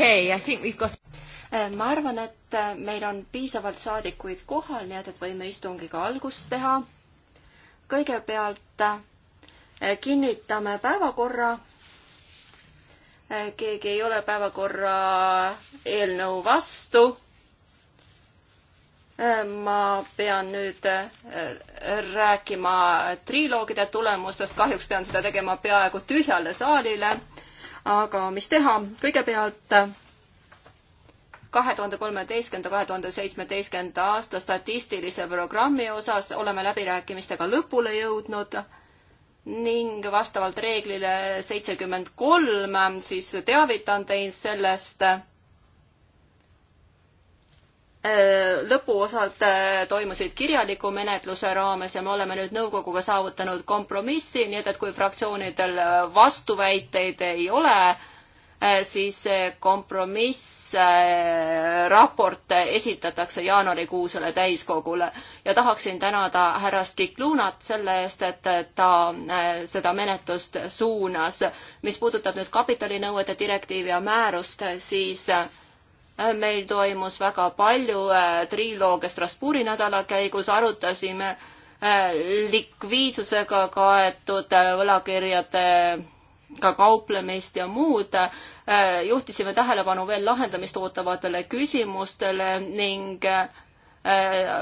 okay, I think we've got äh, ma arvan, et äh, meil on piisavalt saadikuid kohal, nii et, et võime istungiga algust teha. kõigepealt äh, kinnitame päevakorra. keegi ei ole päevakorra eelnõu vastu. ma pean nüüd rääkima triloogide tulemustest, kahjuks pean seda tegema peaaegu tühjale saalile aga mis teha, kõigepealt kahe tuhande kolmeteistkümnenda, kahe tuhande seitsmeteistkümnenda aasta statistilise programmi osas oleme läbirääkimistega lõpule jõudnud ning vastavalt reeglile seitsekümmend kolm siis teavitan teid sellest Äh, lõpuosad äh, toimusid kirjaliku menetluse raames ja me oleme nüüd nõukoguga saavutanud kompromissi, nii et, et kui fraktsioonidel äh, vastuväiteid ei ole, siis kompromiss raport esitatakse jaanuarikuusele täiskogule ja tahaksin tänada härra Stiklunat selle eest, et ta seda menetlust suunas. mis puudutab nüüd kapitalinõuete direktiivi ja määrust, siis meil toimus väga palju äh, triloogia Strasbourgi nädala käigus, arutasime äh, likviidsusega kaetud äh, võlakirjade ka kauplemist ja muud. juhtisime tähelepanu veel lahendamist ootavatele küsimustele ning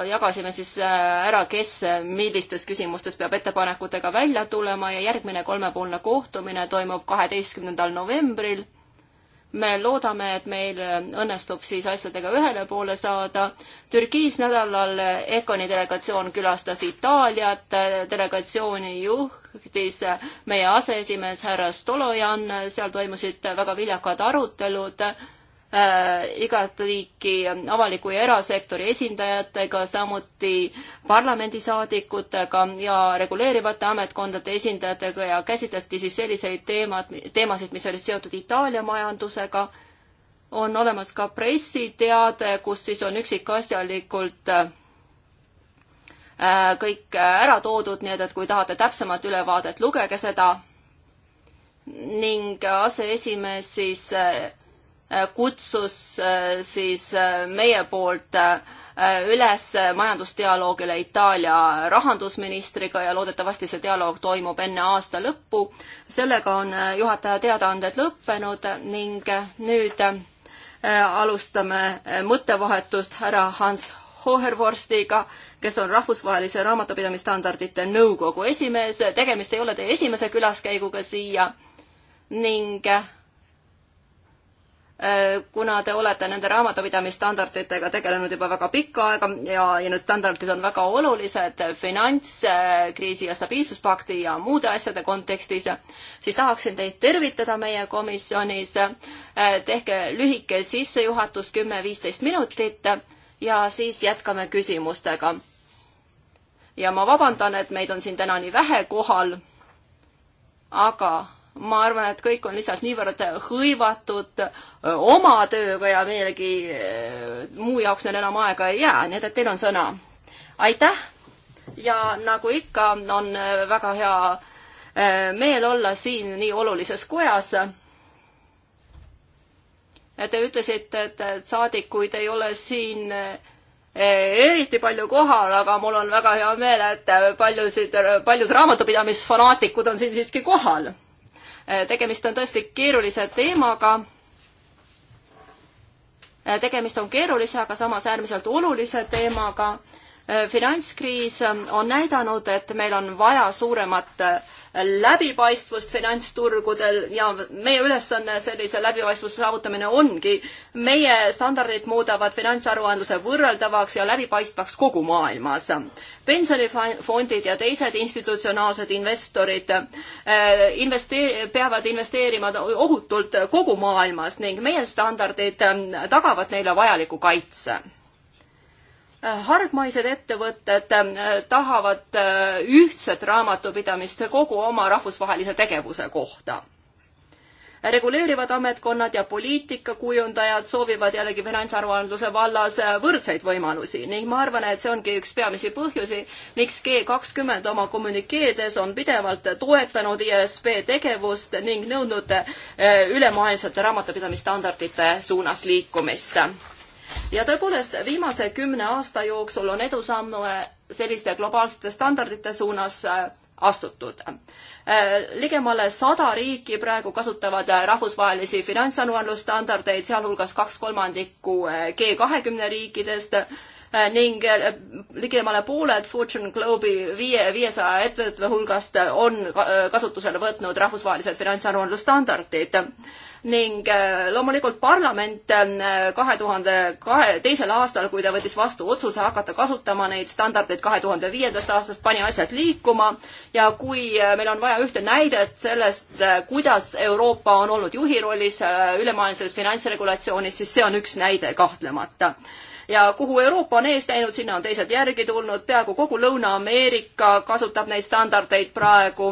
jagasime siis ära, kes millistes küsimustes peab ettepanekutega välja tulema ja järgmine kolmepoolne kohtumine toimub kaheteistkümnendal novembril me loodame, et meil õnnestub siis asjadega ühele poole saada. Türgis nädalal EKONi delegatsioon külastas Itaaliat, delegatsiooni juhtis meie aseesimees härra Stolojan, seal toimusid väga viljakad arutelud Äh, igat liiki avaliku ja erasektori esindajatega, samuti parlamendisaadikutega ja reguleerivate ametkondade esindajatega ja käsitleti siis selliseid teemad, teemasid, mis olid seotud Itaalia majandusega. on olemas ka pressiteade, kus siis on üksikasjalikult äh, kõik ära toodud, nii et, et kui tahate täpsemat ülevaadet, lugege seda. ning aseesimees siis äh, Äh, kutsus äh, siis äh, meie poolt üles majandusdialoogile Itaalia rahandusministriga ja loodetavasti see dialoog toimub enne aasta lõppu. sellega on juhataja teadaanded lõppenud ning nüüd alustame mõttevahetust härra Hans Hohervorstiga, kes on rahvusvahelise raamatupidamisstandardite nõukogu esimees. tegemist ei ole teie esimese külaskäiguga siia ning Äh, kuna te olete nende raamatupidamisstandarditega tegelenud juba väga pikka aega ja, ja need standardid on väga olulised finantskriisi äh, ja stabiilsuspakti ja muude asjade kontekstis, siis tahaksin teid tervitada meie komisjonis. Äh, tehke lühike sissejuhatus, kümme-viisteist minutit ja siis jätkame küsimustega. ja ma vabandan, et meid on siin täna nii vähe kohal, aga ma arvan, et kõik on lihtsalt niivõrd hõivatud oma tööga ja millegi muu jaoks neil enam aega ei jää, nii et, et teil on sõna. aitäh ja nagu ikka, on väga hea meel olla siin nii olulises kojas. Te ütlesite, et saadikuid ei ole siin eriti palju kohal, aga mul on väga hea meel, et paljusid, paljud raamatupidamisfanaatikud on siin siiski kohal Eh, tegemist on tõesti keerulise teemaga. Eh, tegemist on keerulise, aga samas äärmiselt olulise teemaga eh, finantskriis on näidanud, et meil on vaja suuremat läbipaistvust finantsturgudel ja meie ülesanne sellise läbipaistvuse saavutamine ongi. meie standardid muudavad finantsaruandluse võrreldavaks ja läbipaistvaks kogu maailmas. pensionifondid ja teised institutsionaalsed investorid eh, investee-, peavad investeerima ohutult kogu maailmas ning meie standardid eh, tagavad neile vajaliku kaitse Äh, hargmaised ettevõtted äh, tahavad äh, ühtset raamatupidamist kogu oma rahvusvahelise tegevuse kohta. reguleerivad ametkonnad ja poliitikakujundajad soovivad jällegi finantsaruandluse vallas võrdseid võimalusi ning ma arvan, et see ongi üks peamisi põhjusi, miks G kakskümmend oma kommünikeedes on pidevalt toetanud ISP tegevust ning nõudnud ülemaailmsete raamatupidamisstandardite suunas liikumist ja tõepoolest, viimase kümne aasta jooksul on edusamme selliste globaalsete standardite suunas äh, astutud. Äh, ligemale sada riiki praegu kasutavad äh, rahvusvahelisi finantsanuandlusstandardeid, sealhulgas kaks kolmandikku G kahekümne riikidest Äh, ning äh, ligemale pooled Fortune Globe'i viie, viiesaja ettevõtte hulgast on äh, kasutusele võtnud rahvusvahelised finantsaruandlusstandardid. ning loomulikult parlament kahe tuhande kahe, teisel aastal, kui ta võttis vastu otsuse hakata kasutama neid standardeid kahe tuhande viiendast aastast, pani asjad liikuma ja kui meil on vaja ühte näidet sellest, kuidas Euroopa on olnud juhi rollis ülemaailmses finantsregulatsioonis, siis see on üks näide kahtlemata ja kuhu Euroopa on ees läinud, sinna on teised järgi tulnud, peaaegu kogu Lõuna-Ameerika kasutab neid standardeid praegu.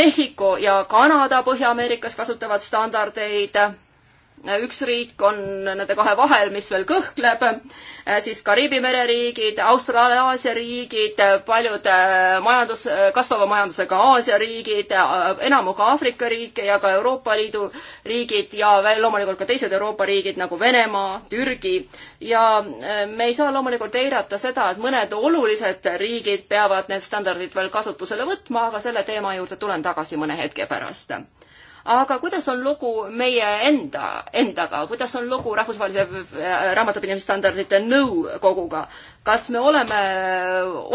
Mehhiko ja Kanada Põhja-Ameerikas kasutavad standardeid üks riik on nende kahe vahel, mis veel kõhkleb, äh, siis Kariibi mere riigid, Austraalia riigid, paljud äh, majandus, äh, kasvava majandusega Aasia riigid, enamik Aafrika riike ja ka Euroopa Liidu riigid ja veel loomulikult ka teised Euroopa riigid nagu Venemaa, Türgi ja me ei saa loomulikult eirata seda, et mõned olulised riigid peavad need standardid veel kasutusele võtma, aga selle teema juurde tulen tagasi mõne hetke pärast aga kuidas on lugu meie enda, endaga, kuidas on lugu rahvusvahelise äh, raamatupidamisstandardite nõukoguga? kas me oleme,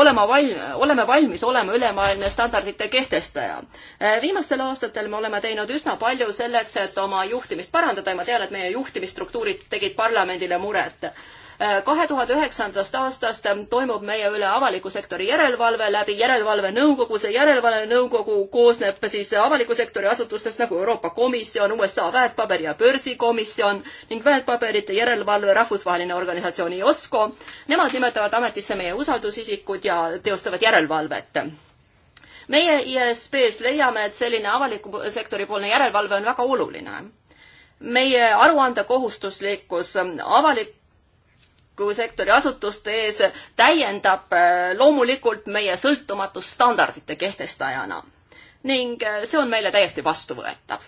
olema valm-, oleme valmis olema ülemaailmne standardite kehtestaja? Äh, viimastel aastatel me oleme teinud üsna palju selleks, et oma juhtimist parandada ja ma tean, et meie juhtimisstruktuurid tegid parlamendile muret kahe tuhande üheksandast aastast toimub meie üle avaliku sektori järelevalve läbi järelevalvenõukogu, see järelevalvenõukogu koosneb siis avaliku sektori asutustest nagu Euroopa Komisjon, USA väärtpaberi- ja börsikomisjon ning väärtpaberite järelevalve rahvusvaheline organisatsioon IOSCO. Nemad nimetavad ametisse meie usaldusisikud ja teostavad järelevalvet meie ISP-s leiame, et selline avaliku sektori poolne järelevalve on väga oluline meie aruandekohustuslikkus avalik, avaliku sektori asutuste ees täiendab äh, loomulikult meie sõltumatust standardite kehtestajana. ning äh, see on meile täiesti vastuvõetav.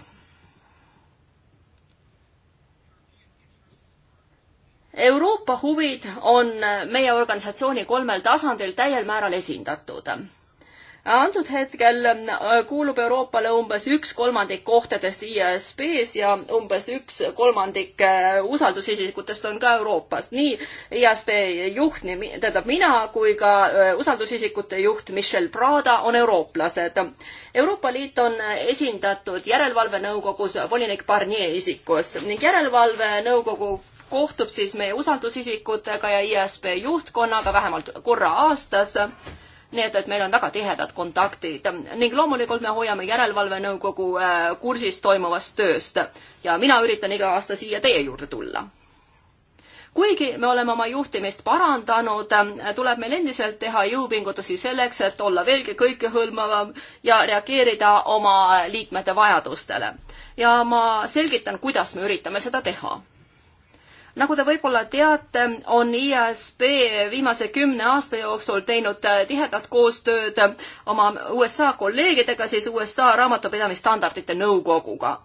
Euroopa huvid on äh, meie organisatsiooni kolmel tasandil täiel määral esindatud antud hetkel äh, kuulub Euroopale umbes üks kolmandik kohtadest ISB-s ja umbes üks kolmandik äh, usaldusisikutest on ka Euroopas. nii ISB juht, tähendab mina, kui ka äh, usaldusisikute juht Michel Prada on eurooplased. Euroopa Liit on esindatud Järelevalvenõukogus volinik Barnier isikus ning Järelevalvenõukogu kohtub siis meie usaldusisikutega ja ISB juhtkonnaga vähemalt korra aastas nii et, et meil on väga tihedad kontaktid ning loomulikult me hoiame Järelevalvenõukogu äh, kursis toimuvast tööst ja mina üritan iga aasta siia teie juurde tulla kuigi me oleme oma juhtimist parandanud, äh, tuleb meil endiselt teha jõupingutusi selleks, et olla veelgi kõikehõlmavam ja reageerida oma liikmete vajadustele. ja ma selgitan, kuidas me üritame seda teha nagu te võib-olla teate, on ISB viimase kümne aasta jooksul teinud äh, tihedat koostööd äh, oma USA kolleegidega, siis USA raamatupidamisstandardite nõukoguga.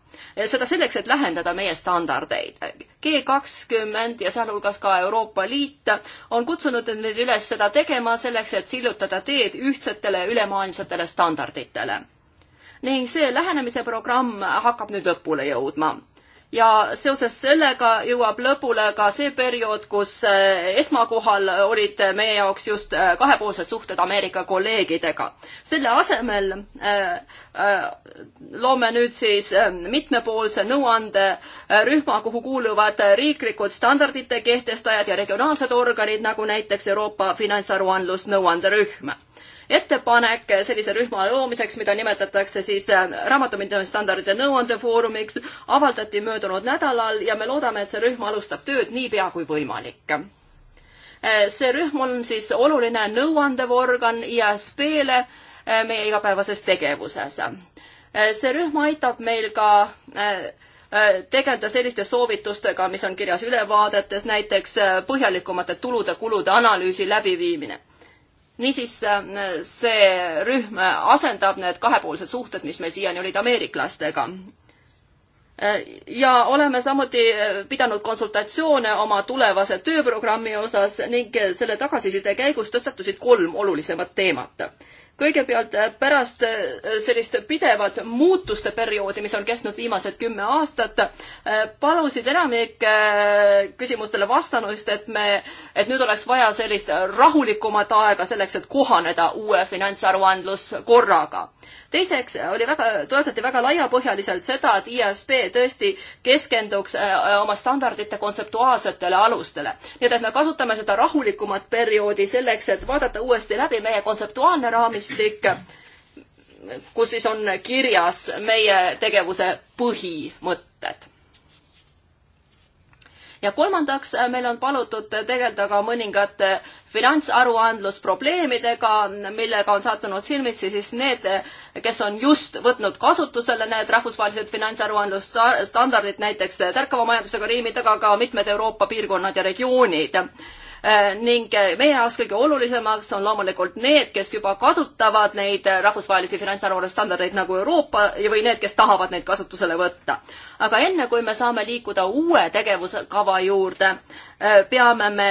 seda selleks, et lähendada meie standardeid. G kakskümmend ja sealhulgas ka Euroopa Liit on kutsunud nüüd üles seda tegema selleks, et sillutada teed ühtsetele ülemaailmsetele standarditele ning see lähenemise programm hakkab nüüd lõpule jõudma ja seoses sellega jõuab lõpule ka see periood, kus äh, esmakohal olid meie jaoks just äh, kahepoolsed suhted Ameerika kolleegidega. selle asemel äh, loome nüüd siis mitmepoolse nõuanderühma, kuhu kuuluvad riiklikud standardite kehtestajad ja regionaalsed organid, nagu näiteks Euroopa finantsaruandlus nõuanderühm ettepanek sellise rühma loomiseks, mida nimetatakse siis äh, raamatupidamisstandardite nõuandefoorumiks, avaldati möödunud nädalal ja me loodame, et see rühm alustab tööd niipea kui võimalik äh, see rühm on siis oluline nõuandev organ ISP-le äh, meie igapäevases tegevuses. see rühm aitab meil ka tegeleda selliste soovitustega, mis on kirjas ülevaadetes, näiteks põhjalikumate tulude-kulude analüüsi läbiviimine niisiis äh, see rühm äh, asendab need kahepoolsed suhted, mis meil siiani olid ameeriklastega. Äh, ja oleme samuti pidanud konsultatsioone oma tulevase tööprogrammi osas ning selle tagasiside käigus tõstatusid kolm olulisemat teemat kõigepealt äh, pärast äh, sellist pidevat muutuste perioodi, mis on kestnud viimased kümme aastat, äh, palusid enamik küsimustele vastanuist, et me, et nüüd oleks vaja sellist rahulikumat aega selleks, et kohaneda uue finantsaruandluskorraga. teiseks oli väga, toetati väga laiapõhjaliselt seda, et ISP tõesti keskenduks oma standardite kontseptuaalsetele alustele. nii et, et me kasutame seda rahulikumat perioodi selleks, et vaadata uuesti läbi meie kontseptuaalne raamistik, raamistik, kus siis on kirjas meie tegevuse põhimõtted. ja kolmandaks, meil on palutud tegeleda ka mõningate finantsaruandlusprobleemidega, millega on sattunud silmitsi siis need, kes on just võtnud kasutusele need rahvusvahelised finantsaruandlusstandardid, näiteks tärkava majandusega riimid, aga ka mitmed Euroopa piirkonnad ja regioonid Äh, ning äh, meie jaoks kõige olulisemaks on loomulikult need, kes juba kasutavad neid äh, rahvusvahelisi finantsjärelevalvestandardeid nagu Euroopa või need, kes tahavad neid kasutusele võtta. aga enne, kui me saame liikuda uue tegevuskava juurde, Äh, peame me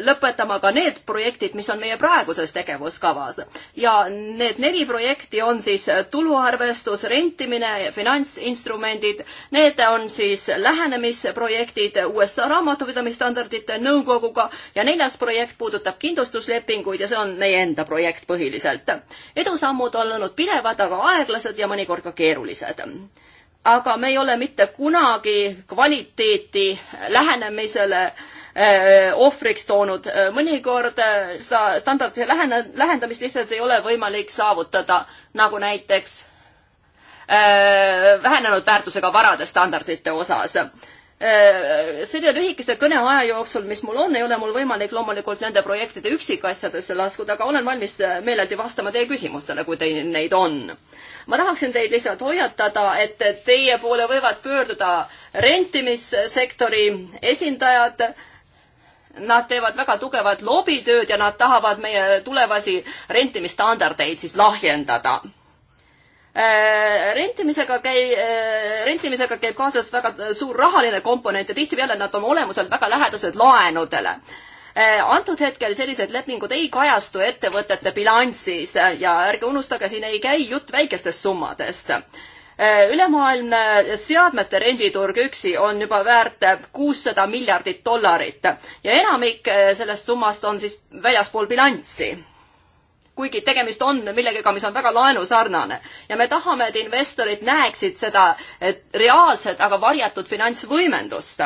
lõpetama ka need projektid, mis on meie praeguses tegevuskavas. ja need neli projekti on siis tuluarvestus, rentimine, finantsinstrumendid, need on siis lähenemisprojektid USA raamatupidamisstandardite nõukoguga ja neljas projekt puudutab kindlustuslepinguid ja see on meie enda projekt põhiliselt. edusammud on olnud pidevad, aga aeglased ja mõnikord ka keerulised aga me ei ole mitte kunagi kvaliteeti lähenemisele äh, Äh, ohvriks toonud. Äh, mõnikord äh, seda standardi lähene, lähendamist lihtsalt ei ole võimalik saavutada, nagu näiteks vähenenud väärtusega varade standardite osas selle lühikese kõneaja jooksul, mis mul on, ei ole mul võimalik loomulikult nende projektide üksikasjadesse laskuda, aga olen valmis meeleldi vastama teie küsimustele, kui teil neid on. ma tahaksin teid lihtsalt hoiatada, et teie poole võivad pöörduda rentimissektori esindajad Nad teevad väga tugevat lobitööd ja nad tahavad meie tulevasi rentimisstandardeid siis lahjendada äh, rentimisega käi-, äh, rentimisega käib kaasas väga suur rahaline komponent ja tihtipeale nad on olemuselt väga lähedased laenudele. Äh, antud hetkel sellised lepingud ei kajastu ettevõtete bilansis ja ärge unustage, siin ei käi jutt väikestest summadest Äh, ülemaailmne seadmete renditurg üksi on juba väärt kuussada miljardit dollarit ja enamik äh, sellest summast on siis väljaspool bilanssi kuigi tegemist on millegagi, mis on väga laenusarnane ja me tahame, et investorid näeksid seda reaalset, aga varjatud finantsvõimendust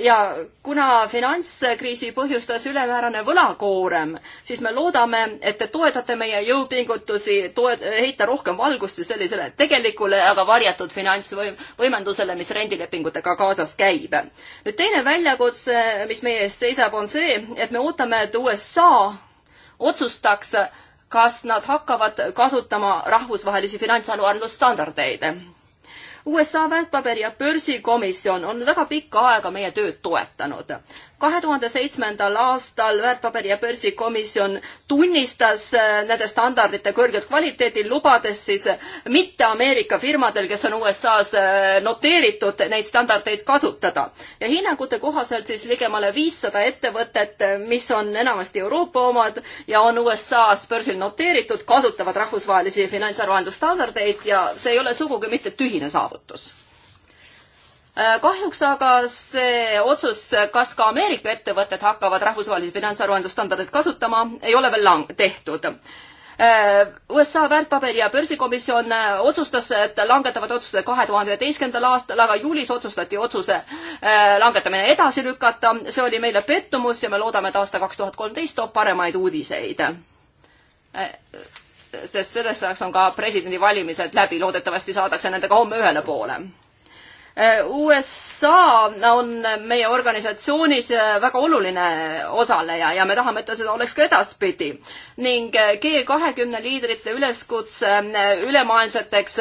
ja kuna finantskriisi põhjustas ülemäärane võlakoorem, siis me loodame, et te toetate meie jõupingutusi toet-, heita rohkem valgust sellisele tegelikule, aga varjatud finantsvõim-, võimendusele, mis rendilepingutega kaasas käib. nüüd teine väljakutse, mis meie ees seisab, on see, et me ootame, et USA otsustaks, kas nad hakkavad kasutama rahvusvahelisi finantsaruandlusstandardeid USA väärtpaberi- ja börsikomisjon on väga pikka aega meie tööd toetanud kahe tuhande seitsmendal aastal väärtpaberi ja börsikomisjon tunnistas äh, nende standardite kõrget kvaliteedi, lubades siis äh, mitte Ameerika firmadel, kes on USA-s äh, noteeritud, neid standardeid kasutada. ja hinnangute kohaselt siis ligemale viissada ettevõtet, mis on enamasti Euroopa omad ja on USA-s börsil noteeritud, kasutavad rahvusvahelisi finantsaruandlusstandardeid ja see ei ole sugugi mitte tühine saavutus Äh, kahjuks aga see otsus, kas ka Ameerika ettevõtted hakkavad rahvusvahelisi finantsaruandlusstandardeid kasutama, ei ole veel lang-, tehtud. Äh, USA väärtpaberi- ja börsikomisjon äh, otsustas, et langetavad otsuse kahe tuhande üheteistkümnendal aastal, aga juulis otsustati otsuse langetamine edasi lükata. see oli meile pettumus ja me loodame, et aasta kaks tuhat kolmteist toob paremaid uudiseid sest selleks ajaks on ka presidendivalimised läbi, loodetavasti saadakse nendega homme ühele poole. Äh, USA on meie organisatsioonis äh, väga oluline osaleja ja me tahame, et ta seda oleks ka edaspidi. ning äh, G kahekümne liidrite üleskutse ülemaailmseteks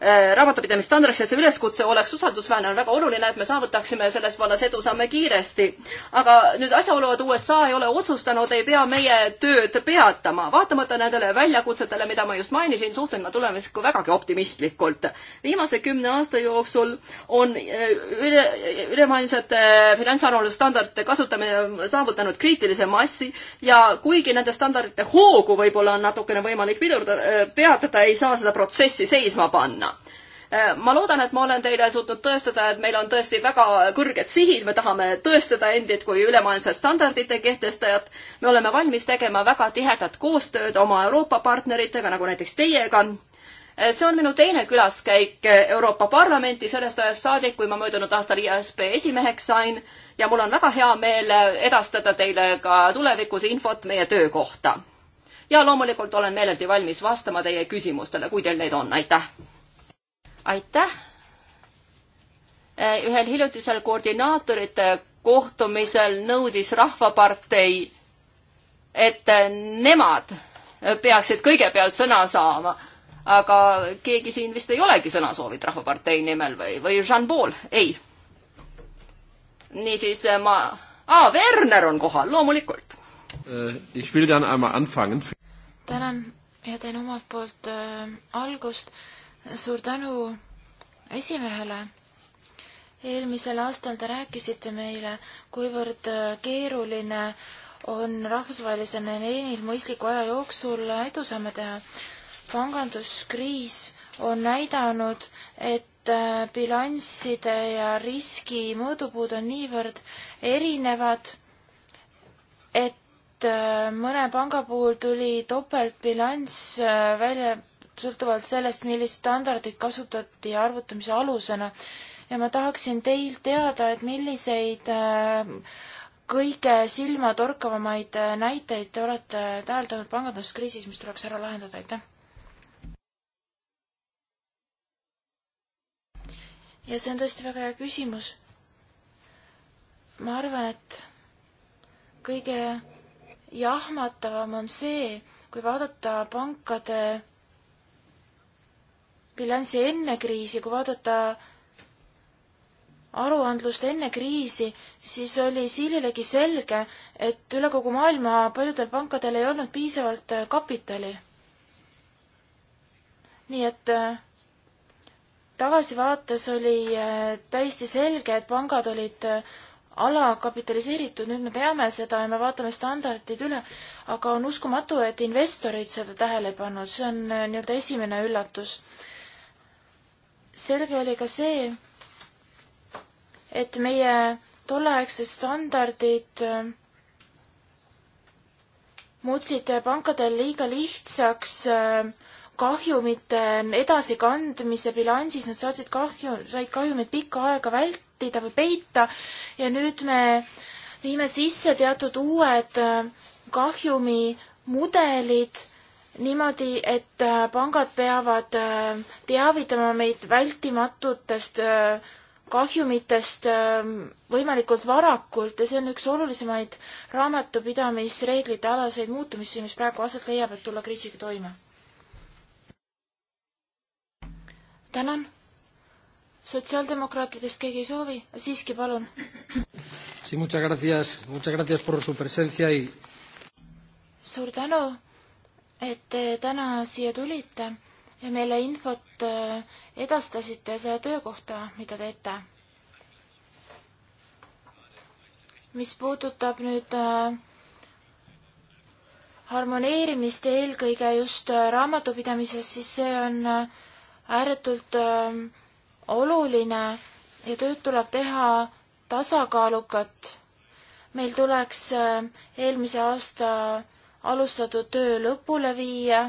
Äh, raamatupidamisstandardiks, et see üleskutse oleks usaldusväärne, on väga oluline, et me saavutaksime selles vallas edusamme kiiresti. aga nüüd asjaolu, et USA ei ole otsustanud, ei pea meie tööd peatama. vaatamata nendele väljakutsetele, mida ma just mainisin, suhtlen ma tulevikku vägagi optimistlikult. viimase kümne aasta jooksul on äh, üle, ülemaailmsete äh, finantsarvamusstandardite kasutamine saavutanud kriitilise massi ja kuigi nende standardite hoogu võib-olla on natukene võimalik pidurdada, peatada, ei saa seda protsessi seisma panna panna äh, ma loodan, et ma olen teile suutnud tõestada, et meil on tõesti väga kõrged sihid, me tahame tõestada endid kui ülemaailmsed standardite kehtestajad. me oleme valmis tegema väga tihedat koostööd oma Euroopa partneritega, nagu näiteks teiega. Äh, see on minu teine külaskäik Euroopa Parlamenti sellest ajast saadik, kui ma möödunud aastal ISP esimeheks sain ja mul on väga hea meel edastada teile ka tulevikus infot meie töö kohta ja loomulikult olen meeleldi valmis vastama teie küsimustele, kui teil neid on, aitäh! aitäh! Äh, ühel hiljutisel koordinaatorite kohtumisel nõudis Rahvapartei, et nemad peaksid kõigepealt sõna saama, aga keegi siin vist ei olegi sõna soovinud Rahvapartei nimel või, või Jean-Paul, ei. niisiis äh, ma ah,, Werner on kohal, loomulikult äh,. tänan ja teen omalt poolt äh, algust suur tänu esimehele. eelmisel aastal te rääkisite meile, kuivõrd äh, keeruline on rahvusvahelise neljanil mõistliku aja jooksul edusamme teha. panganduskriis on näidanud, et äh, bilansside ja riski mõõdupuud on niivõrd erinevad, et äh, mõne panga puhul tuli topeltbilanss välja sõltuvalt sellest, millist standardit kasutati arvutamise alusena. ja ma tahaksin teilt teada, et milliseid äh, kõige silmatorkavamaid äh, näiteid te olete täheldanud panganduskriisis, mis tuleks ära lahendada, aitäh! ja see on tõesti väga hea küsimus. ma arvan, et kõige jahmatavam on see, kui vaadata pankade bilanssi enne kriisi, kui vaadata aruandlust enne kriisi, siis oli Siililegi selge, et üle kogu maailma paljudel pankadel ei olnud piisavalt äh, kapitali. nii et äh, tagasivaates oli äh, täiesti selge, et pangad olid alakapitaliseeritud, nüüd me teame seda ja me vaatame standardid üle, aga on uskumatu, et investorid seda tähele ei pannud, see on nii-öelda esimene üllatus selge oli ka see, et meie tolleaegsed standardid äh, muutsid pankadel liiga lihtsaks äh, kahjumite edasikandmise bilansis, nad saatsid kahju, said kahjumid pikka aega vältida või peita ja nüüd me viime sisse teatud uued äh, kahjumimudelid niimoodi, et äh, pangad peavad äh, teavitama meid vältimatutest äh, kahjumitest võimalikult varakult ja see on üks olulisemaid raamatupidamisreeglite alaseid muutumisi, mis praegu aset leiab, et tulla kriisiga toime. tänan. sotsiaaldemokraatidest keegi ei soovi, siiski palun. Sí, muchas gracias, muchas gracias por su presencia y. suur tänu et te täna siia tulite ja meile infot äh, edastasite selle töö kohta, mida teete. mis puudutab nüüd äh, harmoneerimist ja eelkõige just äh, raamatupidamises, siis see on ääretult oluline ja tööd tuleb teha tasakaalukat. meil tuleks eelmise aasta alustatud töö lõpule viia.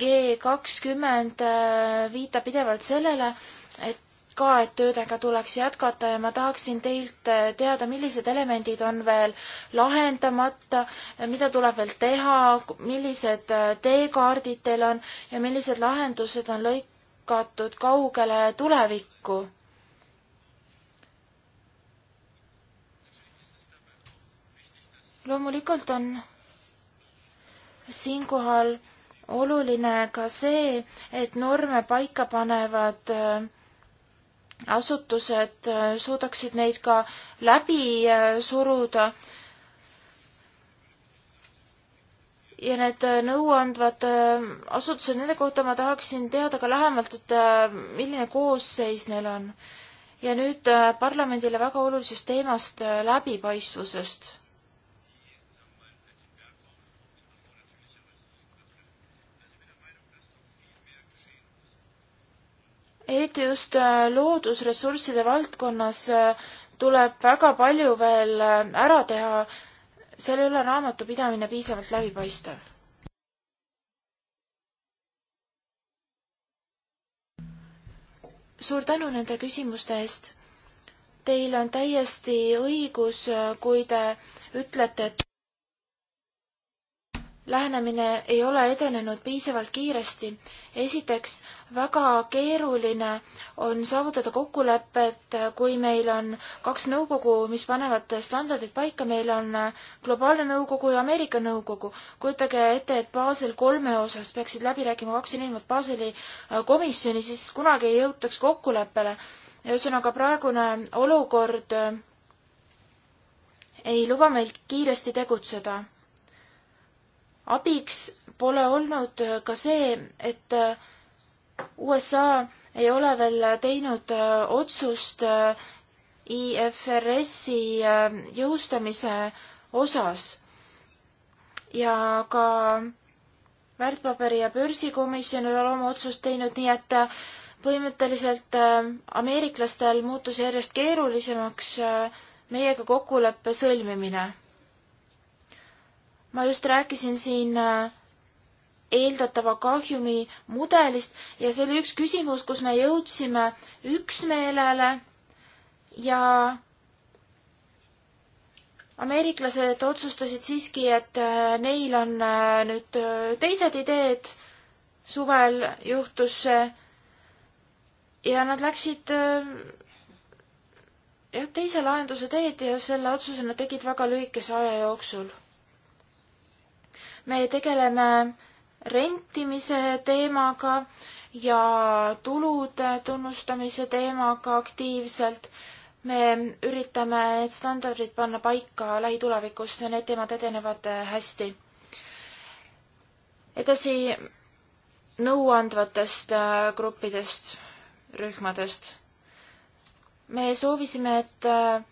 G kakskümmend äh, viitab pidevalt sellele, et ka, et töödega tuleks jätkata ja ma tahaksin teilt äh, teada, millised elemendid on veel lahendamata, mida tuleb veel teha, millised äh, teekaardid teil on ja millised lahendused on lõikatud kaugele tulevikku? loomulikult on siinkohal oluline ka see, et norme paika panevad äh, asutused äh, suudaksid neid ka läbi äh, suruda. ja need nõuandvad asutused, nende kohta ma tahaksin teada ka lähemalt, et milline koosseis neil on. ja nüüd parlamendile väga olulisest teemast, läbipaistvusest eriti just äh, loodusressursside valdkonnas äh, tuleb väga palju veel äh, ära teha, seal ei ole raamatupidamine piisavalt läbipaistev. suur tänu nende küsimuste eest. Teil on täiesti õigus, kui te ütlete, et lähenemine ei ole edenenud piisavalt kiiresti. esiteks, väga keeruline on saavutada kokkulepet, kui meil on kaks nõukogu, mis panevad standardid paika, meil on globaalne nõukogu ja Ameerika nõukogu. kujutage ette, et Basel kolme osas peaksid läbi rääkima kaks erinevat Baseli komisjoni, siis kunagi ei jõutaks kokkuleppele. ühesõnaga, praegune olukord ei luba meil kiiresti tegutseda abiks pole olnud ka see, et äh, USA ei ole veel teinud äh, otsust äh, IFRS-i jõustamise osas ja ka väärtpaberi- ja börsikomisjon ei ole oma otsust teinud, nii et põhimõtteliselt ameeriklastel muutus järjest keerulisemaks meiega kokkuleppe sõlmimine ma just rääkisin siin äh, eeldatava kahjumi mudelist ja see oli üks küsimus, kus me jõudsime üksmeelele ja ameeriklased otsustasid siiski, et äh, neil on äh, nüüd teised ideed. suvel juhtus see ja nad läksid jah, teise lahenduse teed ja selle otsuse nad tegid väga lühikese aja jooksul me tegeleme rentimise teemaga ja tulude tunnustamise teemaga aktiivselt. me üritame need standardid panna paika lähitulevikus, need teemad edenevad hästi. edasi nõuandvatest äh, gruppidest, rühmadest. me soovisime, et äh,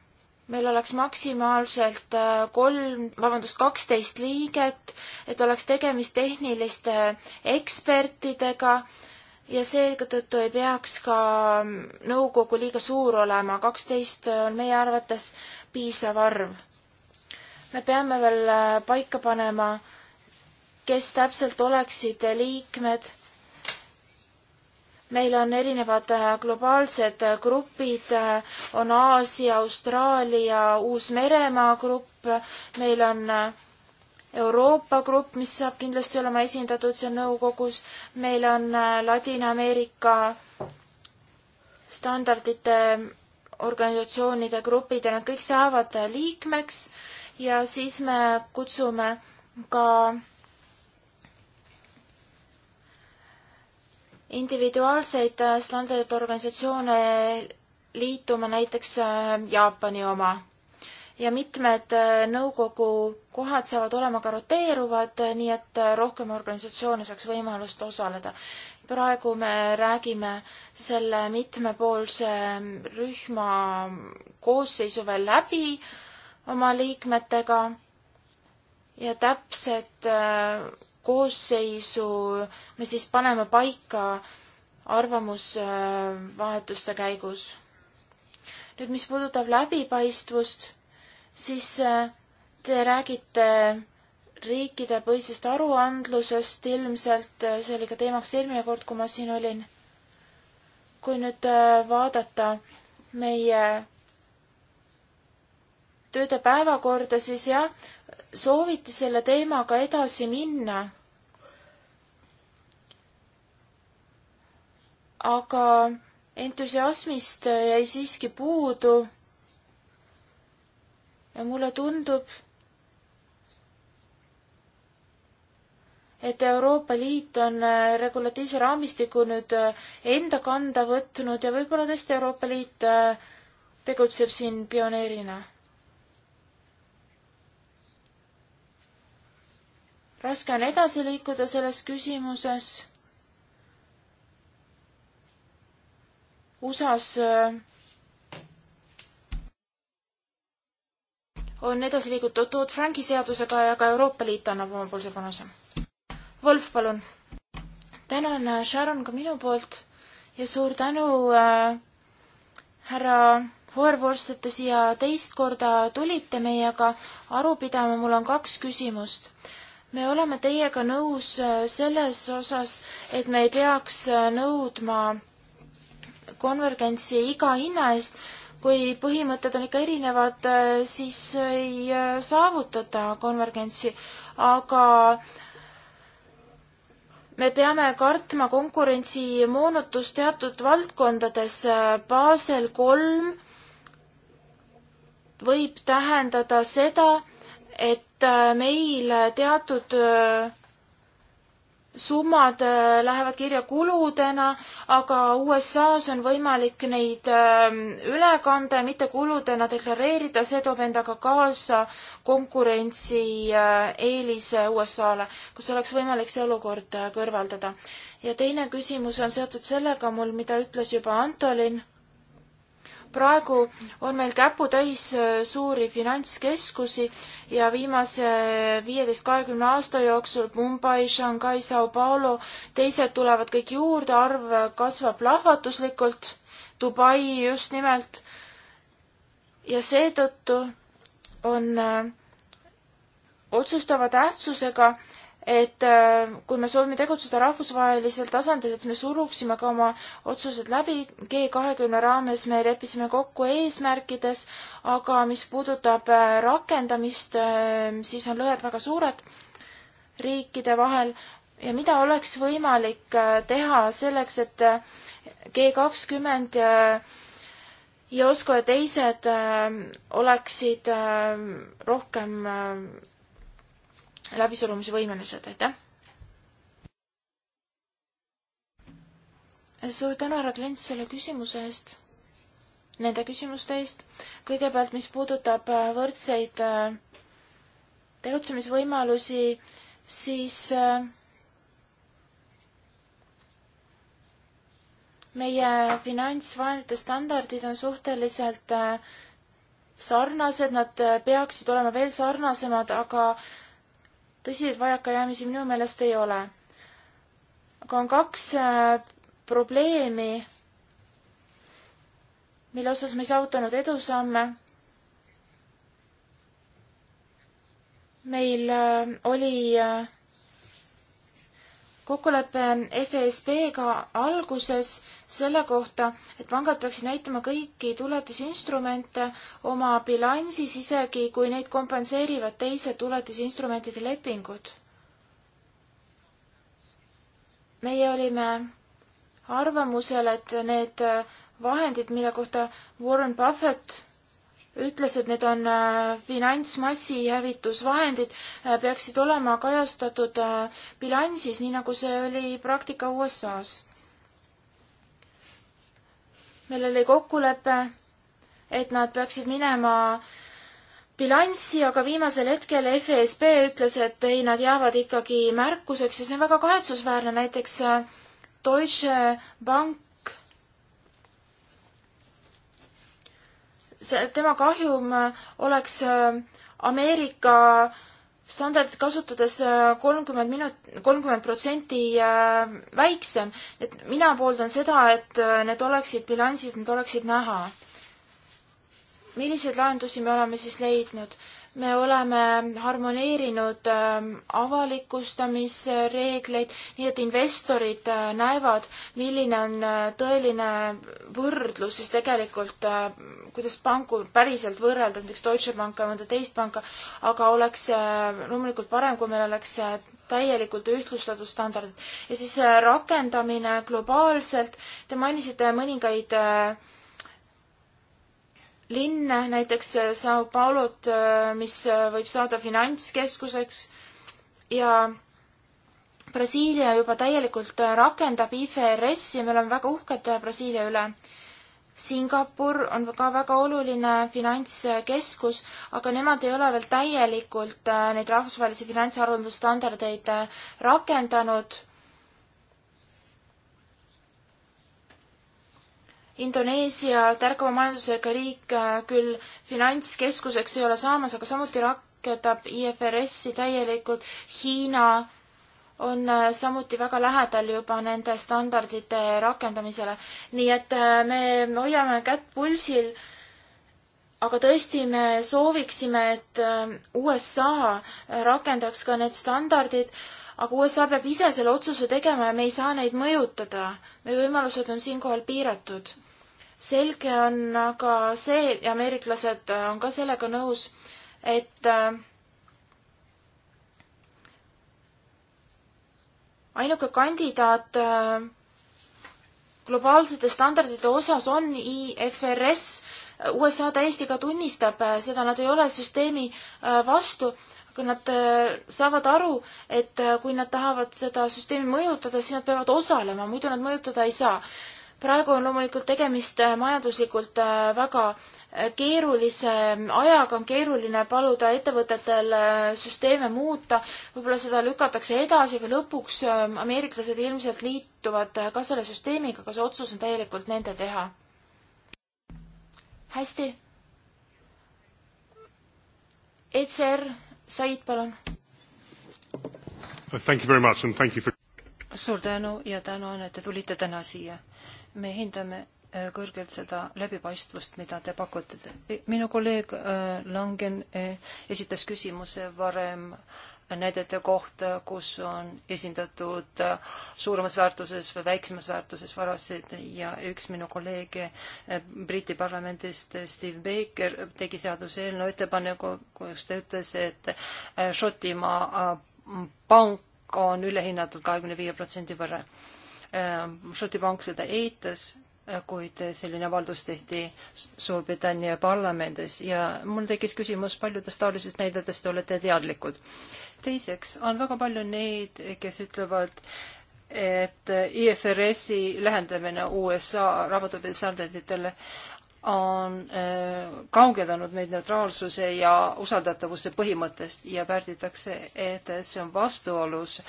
meil oleks maksimaalselt äh, kolm, vabandust, kaksteist liiget, et oleks tegemist tehniliste ekspertidega ja seetõttu ei peaks ka nõukogu liiga suur olema, kaksteist on meie arvates piisav arv. me peame veel äh, paika panema, kes täpselt oleksid liikmed meil on erinevad äh, globaalsed äh, grupid, äh, on Aasia, Austraalia, Uus-Meremaa grupp, meil on Euroopa grupp, mis saab kindlasti olema esindatud seal nõukogus, meil on Ladina-Ameerika standardite mm, organisatsioonide grupid ja nad kõik saavad liikmeks ja siis me kutsume ka individuaalseid äh, standardorganisatsioone liituma näiteks äh, Jaapani oma ja mitmed äh, nõukogu kohad saavad olema ka roteeruvad, nii et rohkem organisatsioone saaks võimalust osaleda. praegu me räägime selle mitmepoolse ähm, rühma koosseisu veel läbi oma liikmetega ja täpsed koosseisu me siis paneme paika arvamusvahetuste käigus. nüüd, mis puudutab läbipaistvust, siis äh, te räägite riikidepõhisest aruandlusest ilmselt, äh, see oli ka teemaks eelmine kord, kui ma siin olin. kui nüüd äh, vaadata meie tööde päevakorda, siis jah, sooviti selle teemaga edasi minna. aga entusiasmist jäi siiski puudu. ja mulle tundub, et Euroopa Liit on äh, regulatiivse raamistiku nüüd äh, enda kanda võtnud ja võib-olla tõesti Euroopa Liit äh, tegutseb siin pioneerina raske on edasi liikuda selles küsimuses. USA-s äh, on edasi liigutud Todd Franki seadusega ja ka Euroopa Liit annab omapoolse panuse. Wolf, palun. tänan, äh, Sharon, ka minu poolt ja suur tänu äh, härra Hoervorst, et te siia teist korda tulite meiega aru pidama. mul on kaks küsimust me oleme teiega nõus äh, selles osas, et me ei peaks äh, nõudma konvergentsi iga hinna eest, kui põhimõtted on ikka erinevad, äh, siis ei saavutata konvergentsi, aga me peame kartma konkurentsi moonutust teatud valdkondades. baasel kolm võib tähendada seda, et Äh, meil teatud äh, summad äh, lähevad kirja kuludena, aga USA-s on võimalik neid ähm, ülekande, mitte kuludena deklareerida, see toob endaga kaasa konkurentsieelise USA-le. kas oleks võimalik see olukord kõrvaldada? ja teine küsimus on seotud sellega mul, mida ütles juba Antolin praegu on meil käputäis äh, suuri finantskeskusi ja viimase viieteist, kahekümne aasta jooksul Mumbai, Shanghai, Sao Paulo, teised tulevad kõik juurde, arv kasvab plahvatuslikult, Dubai just nimelt. ja seetõttu on äh, otsustava tähtsusega, et äh, kui me soovime tegutseda rahvusvahelisel tasandil, et me suruksime ka oma otsused läbi, G kahekümne raames me leppisime kokku eesmärkides, aga mis puudutab äh, rakendamist, äh, siis on lõhed väga suured riikide vahel ja mida oleks võimalik teha selleks, et G kakskümmend ja Josko ja teised oleksid rohkem läbisurumisvõimelised, aitäh! suur tänu, härra Klents, selle küsimuse eest, nende küsimuste eest. kõigepealt, mis puudutab äh, võrdseid äh, tegutsemisvõimalusi, siis äh, meie finantsvahendite standardid on suhteliselt sarnased, nad peaksid olema veel sarnasemad, aga tõsiseid vajakajäämisi minu meelest ei ole. aga on kaks äh, probleemi, mille osas me ei saavutanud edusamme. meil äh, oli äh, kokkulepe FSB-ga e alguses selle kohta, et pangad peaksid näitama kõiki tuletisinstrumente oma bilansis, isegi kui neid kompenseerivad teised tuletisinstrumentide lepingud. meie olime arvamusel, et need vahendid, mille kohta Warren Buffett ütles, et need on äh, finantsmassi hävitusvahendid, äh, peaksid olema kajastatud äh, bilansis, nii nagu see oli praktika USA-s. meil oli kokkulepe, et nad peaksid minema bilanssi, aga viimasel hetkel FSB e ütles, et ei, nad jäävad ikkagi märkuseks ja see on väga kahetsusväärne, näiteks Deutsche Bank see, tema kahjum äh, oleks äh, Ameerika standardit kasutades äh, kolmkümmend minut-, kolmkümmend protsenti väiksem. et mina pooldan seda, et need oleksid bilansis, need oleksid näha. milliseid lahendusi me oleme siis leidnud? me oleme harmoneerinud ähm, avalikustamisreegleid, nii et investorid äh, näevad, milline on äh, tõeline võrdlus siis tegelikult, äh, kuidas panku päriselt võrrelda, näiteks Deutsche Banka ja mõnda teist panka, aga oleks loomulikult parem, kui meil oleks täielikult ühtlustatud standardid. ja siis rakendamine globaalselt, te mainisite mõningaid äh, linna, näiteks äh, Sao Paulot, äh, mis äh, võib saada finantskeskuseks ja Brasiilia juba täielikult rakendab IFRS-i, me oleme väga uhked Brasiilia üle. Singapur on ka väga oluline finantskeskus, aga nemad ei ole veel täielikult neid rahvusvahelisi finantsarvundusstandardeid rakendanud Indoneesia targama majandusega riik äh, küll finantskeskuseks ei ole saamas, aga samuti rakendab IFRS-i täielikult. Hiina on äh, samuti väga lähedal juba nende standardite rakendamisele. nii et äh, me hoiame kätt pulsil, aga tõesti, me sooviksime, et USA rakendaks ka need standardid aga USA peab ise selle otsuse tegema ja me ei saa neid mõjutada. meie võimalused on siinkohal piiratud selge on aga see ja ameeriklased äh, on ka sellega nõus, et äh, ainuke kandidaat äh, globaalsete standardite osas on IFRS. USA täiesti ka tunnistab seda, nad ei ole süsteemi vastu, aga nad saavad aru, et kui nad tahavad seda süsteemi mõjutada, siis nad peavad osalema, muidu nad mõjutada ei saa praegu on loomulikult tegemist äh, majanduslikult äh, väga äh, keerulise ajaga, on keeruline paluda ettevõtetel süsteeme muuta, võib-olla seda lükatakse edasi, aga lõpuks ameeriklased ilmselt liituvad ka selle süsteemiga, aga see otsus on täielikult nende teha. hästi. ECR, Said, palun. Thank you very much and thank you for suur tänu ja tänan, et te tulite täna siia me hindame äh, kõrgelt seda läbipaistvust, mida te pakute. E, minu kolleeg äh, Langen äh, esitas küsimuse varem näidete kohta, kus on esindatud suuremas väärtuses või väiksemas väärtuses varasid ja üks minu kolleeg Briti parlamendist, Steve Baker, tegi seaduseelnõu ettepaneku, kus ta ütles, et Šotimaa pank on üle hinnatud kahekümne viie protsendi võrra. Võrre Ähm, Šoti pank seda eitas, äh, kuid äh, selline avaldus tehti Suurbritannia parlamendis ja mul tekkis küsimus, paljudest taolisest näidetest te olete teadlikud. teiseks, on väga palju neid, kes ütlevad, et IFRS-i lähendamine USA raamatupidamisstandarditele on äh, kaugenenud meid neutraalsuse ja usaldatavuse põhimõttest ja pärditakse, et, et see on vastuolus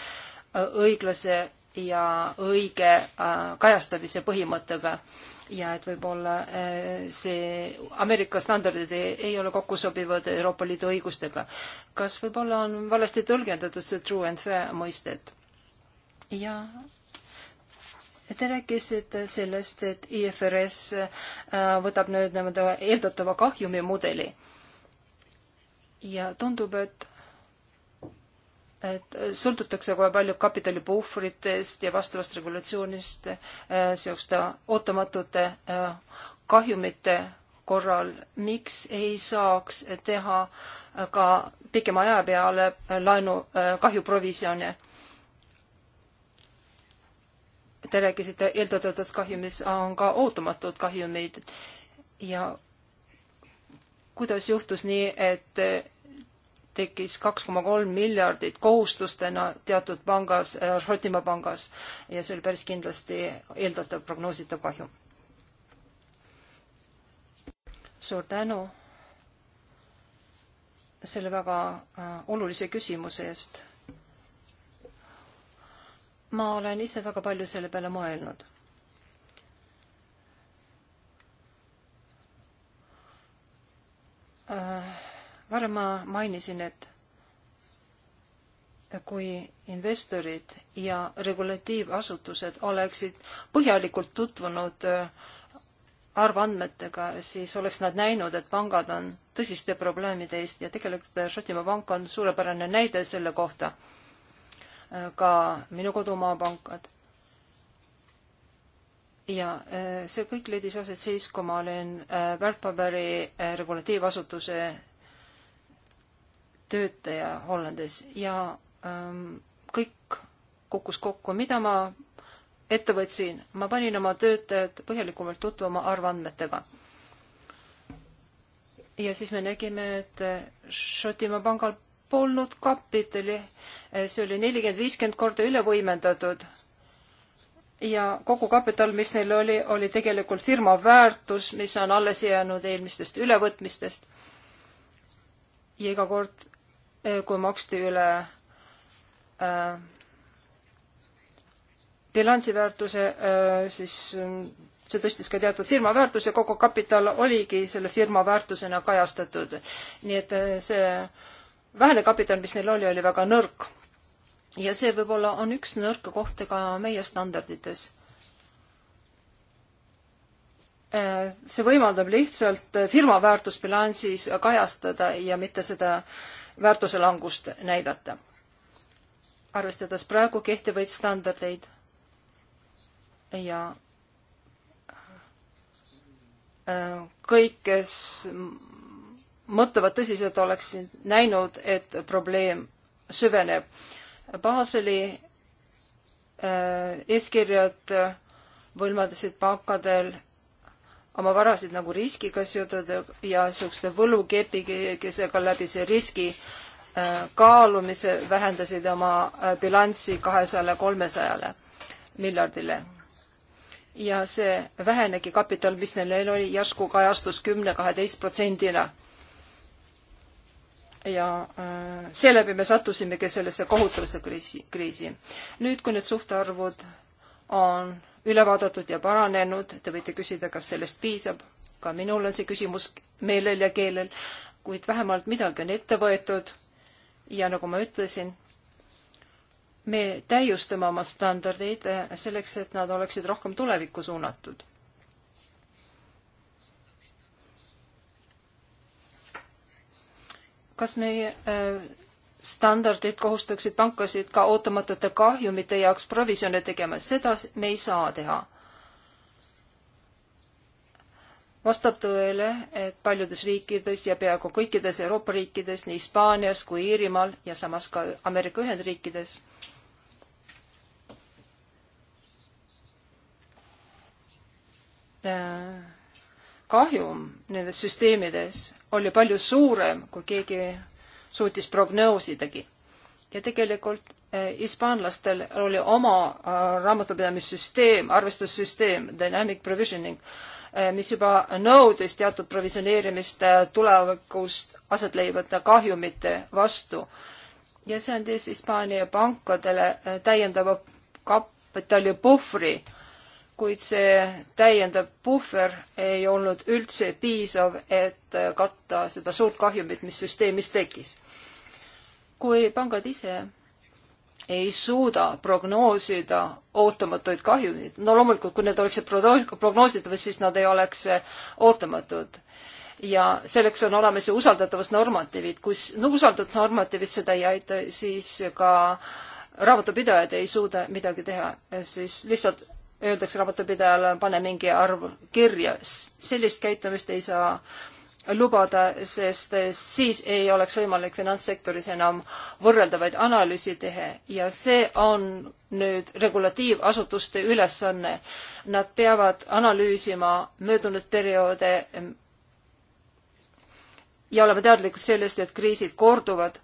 õiglase ja õige äh, kajastamise põhimõttega ja et võib-olla äh, see Ameerika standardid ei, ei ole kokku sobivad Euroopa Liidu õigustega. kas võib-olla on valesti tõlgendatud see true and fair mõistet? ja te rääkisite sellest, et IFRS äh, võtab nüüd nii-öelda eeldatava kahjumi mudeli ja tundub, et et sõltutakse kohe palju kapitalipuhvritest ja vastavast regulatsioonist äh, seoste ootamatute äh, kahjumite korral, miks ei saaks teha äh, ka pikema aja peale laenu kahjuprovisjone? Te rääkisite eeldatavatest kahjumist, on ka ootamatud kahjumid ja kuidas juhtus nii, et tekkis kaks koma kolm miljardit kohustustena teatud pangas, äh, Šotimaa pangas ja see oli päris kindlasti eeldatav prognoositav kahju. suur tänu selle väga äh, olulise küsimuse eest. ma olen ise väga palju selle peale mõelnud varem ma mainisin, et kui investorid ja regulatiivasutused oleksid põhjalikult tutvunud äh, arvandmetega, siis oleks nad näinud, et pangad on tõsiste probleemide eest ja tegelikult äh, Šotimaa pank on suurepärane näide selle kohta. Äh, ka minu kodumaa pangad. ja see kõik leidis aset siis, kui ma olin väärtpaberi regulatiivasutuse töötaja Hollandis ja ähm, kõik kukkus kokku, mida ma ette võtsin, ma panin oma töötajad põhjalikumalt tutvuma arvandmetega. ja siis me nägime, et Šotimaa pangal polnud kapitali, see oli nelikümmend, viiskümmend korda üle võimendatud. ja kogu kapital, mis neil oli, oli tegelikult firma väärtus, mis on alles jäänud eelmistest ülevõtmistest. ja iga kord Äh, kui maksti üle äh, bilansiväärtuse äh,, siis äh, see tõstis ka teatud firma väärtuse, kogu kapital oligi selle firma väärtusena kajastatud. nii et äh, see vähene kapital, mis neil oli, oli väga nõrk. ja see võib-olla on üks nõrka kohta ka meie standardites. see võimaldab lihtsalt firma väärtusbilansis kajastada ja mitte seda äh, väärtuse langust näidata. arvestades praegu kehtivaid standardeid ja äh, kõik, kes mõtlevad tõsiselt, oleksid näinud, et probleem süveneb. Baseli äh, eeskirjad äh, võimaldasid pankadel oma varasid nagu riskiga siduda ja niisuguste võlukepikesega läbi see riski äh, kaalumise vähendasid oma äh, bilanssi kahesajale kolmesajale miljardile. ja see vähenegi kapital, mis neil oli, järsku kajastus kümne-kaheteist protsendina. ja äh, seeläbi me sattusimegi sellesse kohutavasse kriisi, kriisi. nüüd, kui need suhtarvud on üle vaadatud ja paranenud, te võite küsida, kas sellest piisab, ka minul on see küsimus meelel ja keelel, kuid vähemalt midagi on ette võetud ja nagu ma ütlesin, me täiustame oma standardeid selleks, et nad oleksid rohkem tulevikku suunatud. kas meie äh, standardid kohustaksid pankasid ka ootamatute kahjumite jaoks provisjone tegema, seda me ei saa teha. vastab tõele, et paljudes riikides ja peaaegu kõikides Euroopa riikides, nii Hispaanias kui Iirimaal ja samas ka Ameerika Ühendriikides, äh, kahjum nendes süsteemides oli palju suurem, kui keegi suutis prognoosidagi. ja tegelikult eh, hispaanlastel oli oma eh, raamatupidamissüsteem, arvestussüsteem, dynamic provisioning, eh, mis juba nõudis teatud provisioneerimist tulevikust aset leivate kahjumite vastu. ja see andis Hispaania pankadele täiendava kapitalipuhvri äh, kuid see täiendav puhver ei olnud üldse piisav, et äh, katta seda suurt kahjumit, mis süsteemis tekkis. kui pangad ise ei suuda prognoosida ootamatuid kahjumeid, no loomulikult, kui need oleksid prognoositavad, siis nad ei oleks äh, ootamatud ja selleks on olemas ju usaldatavusnormatiivid, kus no usaldatavusnormatiivid seda ei aita, siis ka raamatupidajad ei suuda midagi teha, siis lihtsalt öeldakse raamatupidajale, pane mingi arv kirja. sellist käitumist ei saa lubada, sest siis ei oleks võimalik finantssektoris enam võrreldavaid analüüsi teha ja see on nüüd regulatiivasutuste ülesanne. Nad peavad analüüsima möödunud perioode ja olema teadlikud sellest, et kriisid korduvad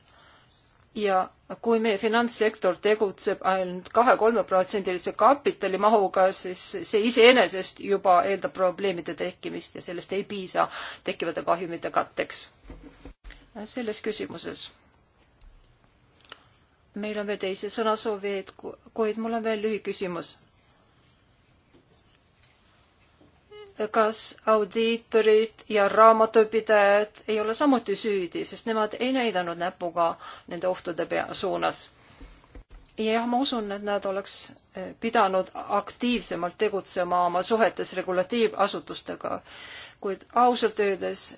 ja kui meie finantssektor tegutseb ainult kahe-kolmeprotsendilise kapitalimahuga, siis see iseenesest juba eeldab probleemide tekkimist ja sellest ei piisa tekkivate kahjumite katteks. selles küsimuses. meil on veel teisi sõnasoovijaid, kuid mul on veel lühiküsimus. kas audiitorid ja raamatupidajad ei ole samuti süüdi, sest nemad ei näidanud näpuga nende ohtude pea suunas. jah, ma usun, et nad oleks eh, pidanud aktiivsemalt tegutsema oma suhetes regulatiivasutustega, kuid ausalt öeldes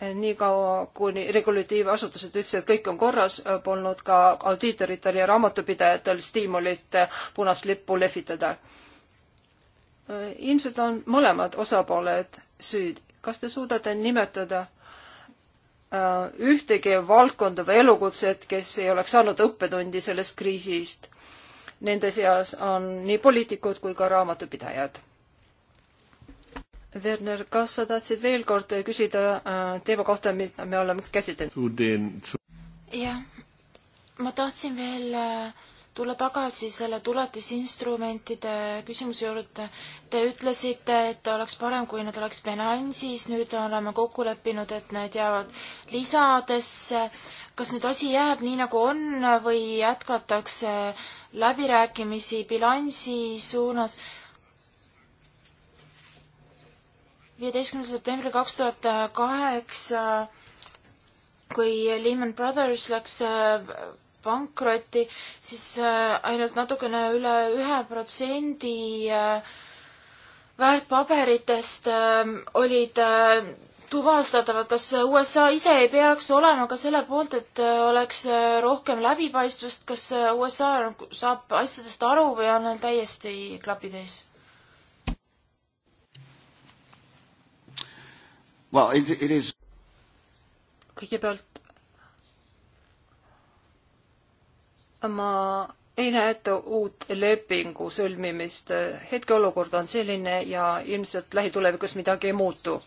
eh, niikaua, kuni regulatiivasutused ütlesid, et kõik on korras, eh, polnud ka audiitoritel ja raamatupidajatel stiimulit punast lippu lehvitada Äh, ilmselt on mõlemad osapooled süüdi. kas te suudate nimetada äh, ühtegi valdkonda või elukutset, kes ei oleks saanud õppetundi sellest kriisist? Nende seas on nii poliitikud kui ka raamatupidajad. Werner, kas sa tahtsid veel kord küsida äh, teema kohta, mida me oleme käsitlenud? jah, ma tahtsin veel äh, tulla tagasi selle tuletisinstrumentide küsimuse juurde. Te ütlesite, et oleks parem, kui nad oleks bilansis, nüüd oleme kokku leppinud, et need jäävad lisadesse. kas nüüd asi jääb nii, nagu on või jätkatakse läbirääkimisi bilansi suunas? viieteistkümnendal septembril kaks tuhat kaheksa, kui Lehman Brothers läks pankrotti, siis äh, ainult natukene üle ühe protsendi äh, väärtpaberitest ähm, olid äh, tuvastatavad, kas USA ise ei peaks olema ka selle poolt, et oleks rohkem läbipaistvust, kas USA nagu saab asjadest aru või on neil täiesti klapid ees? Well, it, it is kõigepealt ma ei näe ette uut lepingu sõlmimist. hetkeolukord on selline ja ilmselt lähitulevikus midagi ei muutu.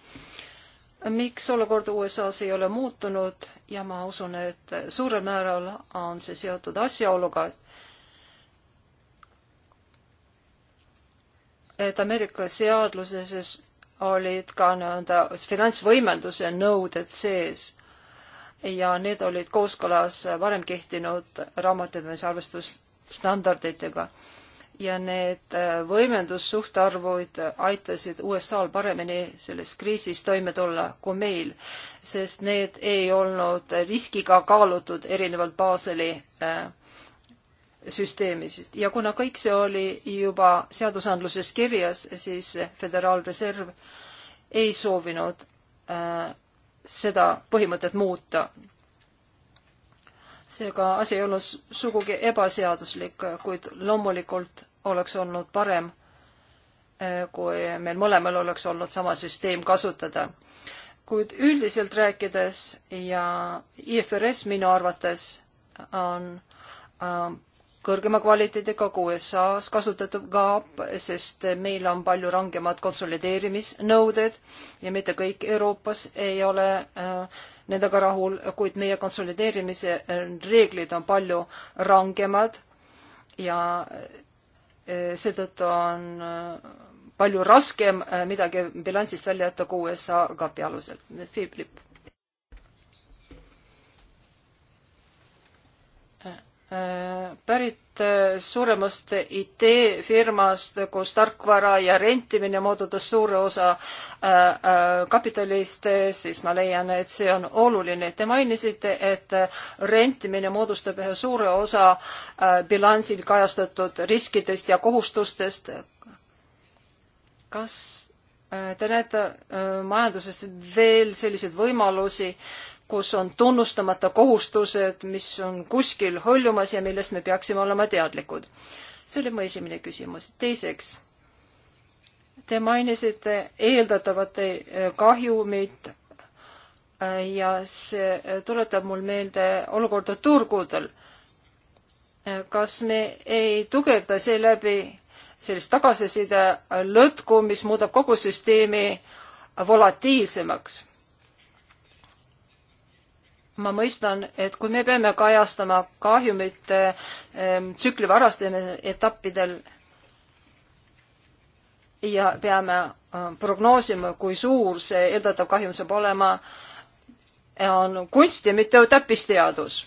miks olukord USA-s ei ole muutunud ja ma usun, et suurel määral on see seotud asjaoluga, et Ameerika seaduses olid ka nii-öelda finantsvõimenduse nõuded sees ja need olid kooskõlas varem kehtinud raamatupidamisarvestusstandarditega. ja need äh, võimendussuhtarvud aitasid USA-l paremini selles kriisis toime tulla kui meil, sest need ei olnud riskiga kaalutud erinevalt Baseli äh, süsteemis ja kuna kõik see oli juba seadusandluses kirjas, siis Föderaalreserv ei soovinud äh, seda põhimõtet muuta. seega asi ei olnud sugugi ebaseaduslik, kuid loomulikult oleks olnud parem, eh, kui meil mõlemal oleks olnud sama süsteem kasutada. kuid üldiselt rääkides ja IFRS minu arvates on ähm, kõrgema kvaliteediga kui USA-s kasutatav kaap, sest meil on palju rangemad konsolideerimisnõuded ja mitte kõik Euroopas ei ole äh, nendega rahul, kuid meie konsolideerimise äh, reeglid on palju rangemad ja äh, seetõttu on äh, palju raskem äh, midagi bilansist välja jätta kui USA kaapi alusel. Philip Äh, pärit äh, suuremast IT-firmast, kus tarkvara ja rentimine moodutas suure osa äh, kapitalist, siis ma leian, et see on oluline. Te mainisite, et rentimine moodustab ühe suure osa bilansil kajastatud riskidest ja kohustustest. kas te näete majanduses veel selliseid võimalusi kus on tunnustamata kohustused, mis on kuskil hõljumas ja millest me peaksime olema teadlikud? see oli mu esimene küsimus. teiseks, te mainisite eeldatavate eh, kahjumit eh, ja see eh, tuletab mul meelde olukorda turgudel. kas me ei tugevda seeläbi sellist tagasiside lõtku, mis muudab kogu süsteemi volatiilsemaks? ma mõistan, et kui me peame kajastama kahjumite ehm, tsükli varastamise etappidel ja peame äh, prognoosima, kui suur see eeldatav kahjum saab olema, on kunst ja mitte täppisteadus.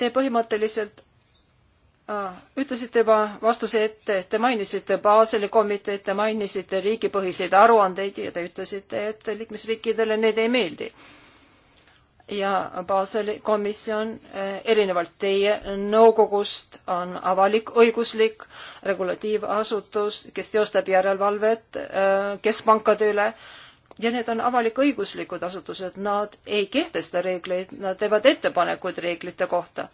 Te põhimõtteliselt äh, ütlesite juba vastuse ette, te mainisite Baseli komiteed, te mainisite riigipõhiseid aruandeid ja te ütlesite, et liikmesriikidele need ei meeldi ja Baseli komisjon eh, erinevalt teie nõukogust on avalik-õiguslik regulatiivasutus, kes teostab järelevalvet eh, keskpankade üle ja need on avalik-õiguslikud asutused, nad ei kehtesta reegleid, nad teevad ettepanekuid reeglite kohta.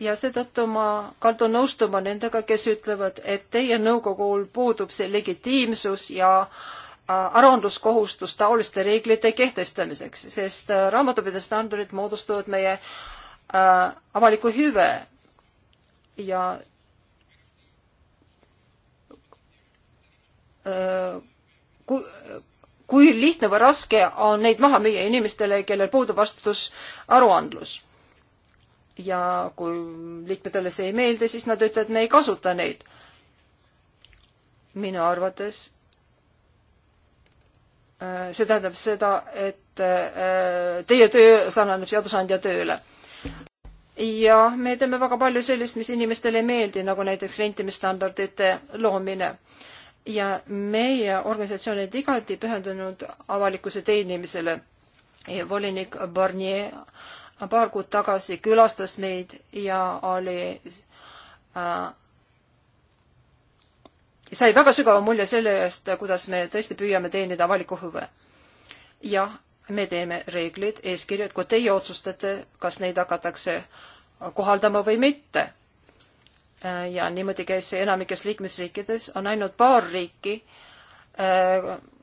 ja seetõttu ma kaldun nõustuma nendega, kes ütlevad, et teie nõukogul puudub see legitiimsus ja äh, Äh, aruandluskohustus taoliste reeglite kehtestamiseks, sest äh, raamatupidastandardid moodustavad meie äh, avaliku hüve ja äh, kui, kui lihtne või raske on neid maha müüa inimestele, kellel puudub vastutus aruandlus. ja kui liikmetele see ei meeldi, siis nad ütlevad, me ei kasuta neid. minu arvates Äh, see tähendab seda, et äh, teie töö sarnaneb seadusandja tööle. ja me teeme väga palju sellist, mis inimestele ei meeldi, nagu näiteks rentimisstandardite loomine. ja meie organisatsioon on igati pühendunud avalikkuse teenimisele. volinik Barnier paar kuud tagasi külastas meid ja oli äh, sai väga sügava mulje selle eest, kuidas me tõesti püüame teenida avalikku huve. jah, me teeme reeglid, eeskirjad, kui teie otsustate, kas neid hakatakse kohaldama või mitte. ja niimoodi käib see enamikes liikmesriikides, on ainult paar riiki,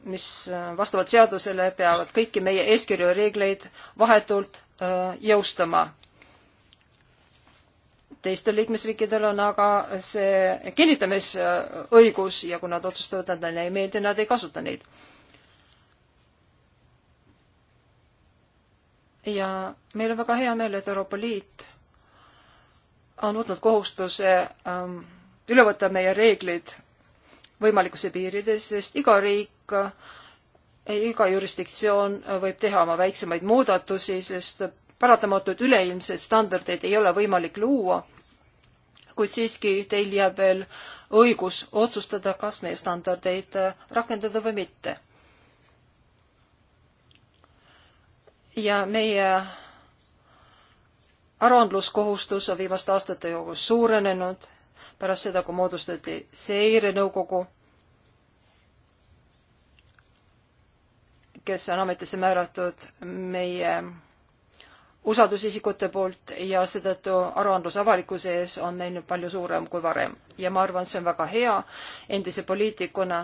mis vastavalt seadusele peavad kõiki meie eeskirju ja reegleid vahetult äh, jõustama teistel liikmesriikidel on aga see kinnitamisõigus ja kui nad otsustavad, et neile ei meeldi, nad ei kasuta neid. ja meil on väga hea meel, et Euroopa Liit on võtnud kohustuse ähm, üle võtta meie reeglid võimalikkuse piirides, sest iga riik äh, iga jurisdiktsioon võib teha oma väiksemaid muudatusi, sest paratamatud üleilmsed standardid ei ole võimalik luua kuid siiski teil jääb veel õigus otsustada, kas meie standardeid äh, rakendada või mitte. ja meie aruandluskohustus on viimaste aastate jooksul suurenenud pärast seda, kui moodustati seirenõukogu, kes on ametisse määratud meie usaldusisikute poolt ja seetõttu aruandlus avalikkuse ees on meil nüüd palju suurem kui varem ja ma arvan, et see on väga hea endise poliitikuna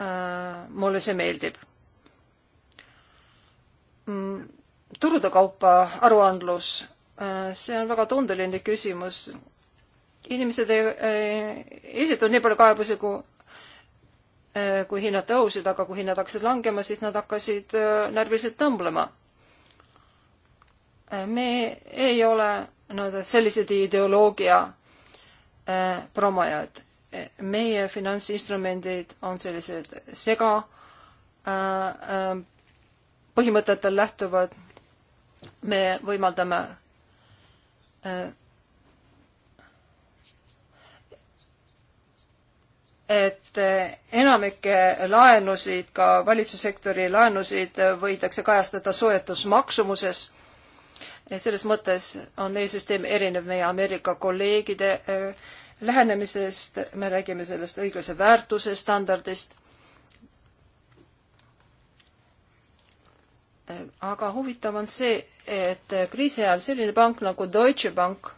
äh,. mulle see meeldib mm,. turude kaupa aruandlus äh,, see on väga tundeline küsimus. inimesed ei, ei esita nii palju kaebusi kui Äh, kui hinnad tõusid, aga kui hinnad hakkasid langema, siis nad hakkasid äh, närviliselt tõmblema. Äh, me ei ole nii-öelda no, sellised ideoloogia promojad. meie finantsinstrumendid on sellised sega põhimõtetel lähtuvad. me võimaldame et eh, enamike laenusid, ka valitsussektori laenusid eh, võidakse kajastada soetusmaksumuses. selles mõttes on meie süsteem erinev meie Ameerika kolleegide eh, lähenemisest, me räägime sellest õiglase väärtuse standardist. aga huvitav on see, et kriisi ajal selline pank nagu Deutsche Bank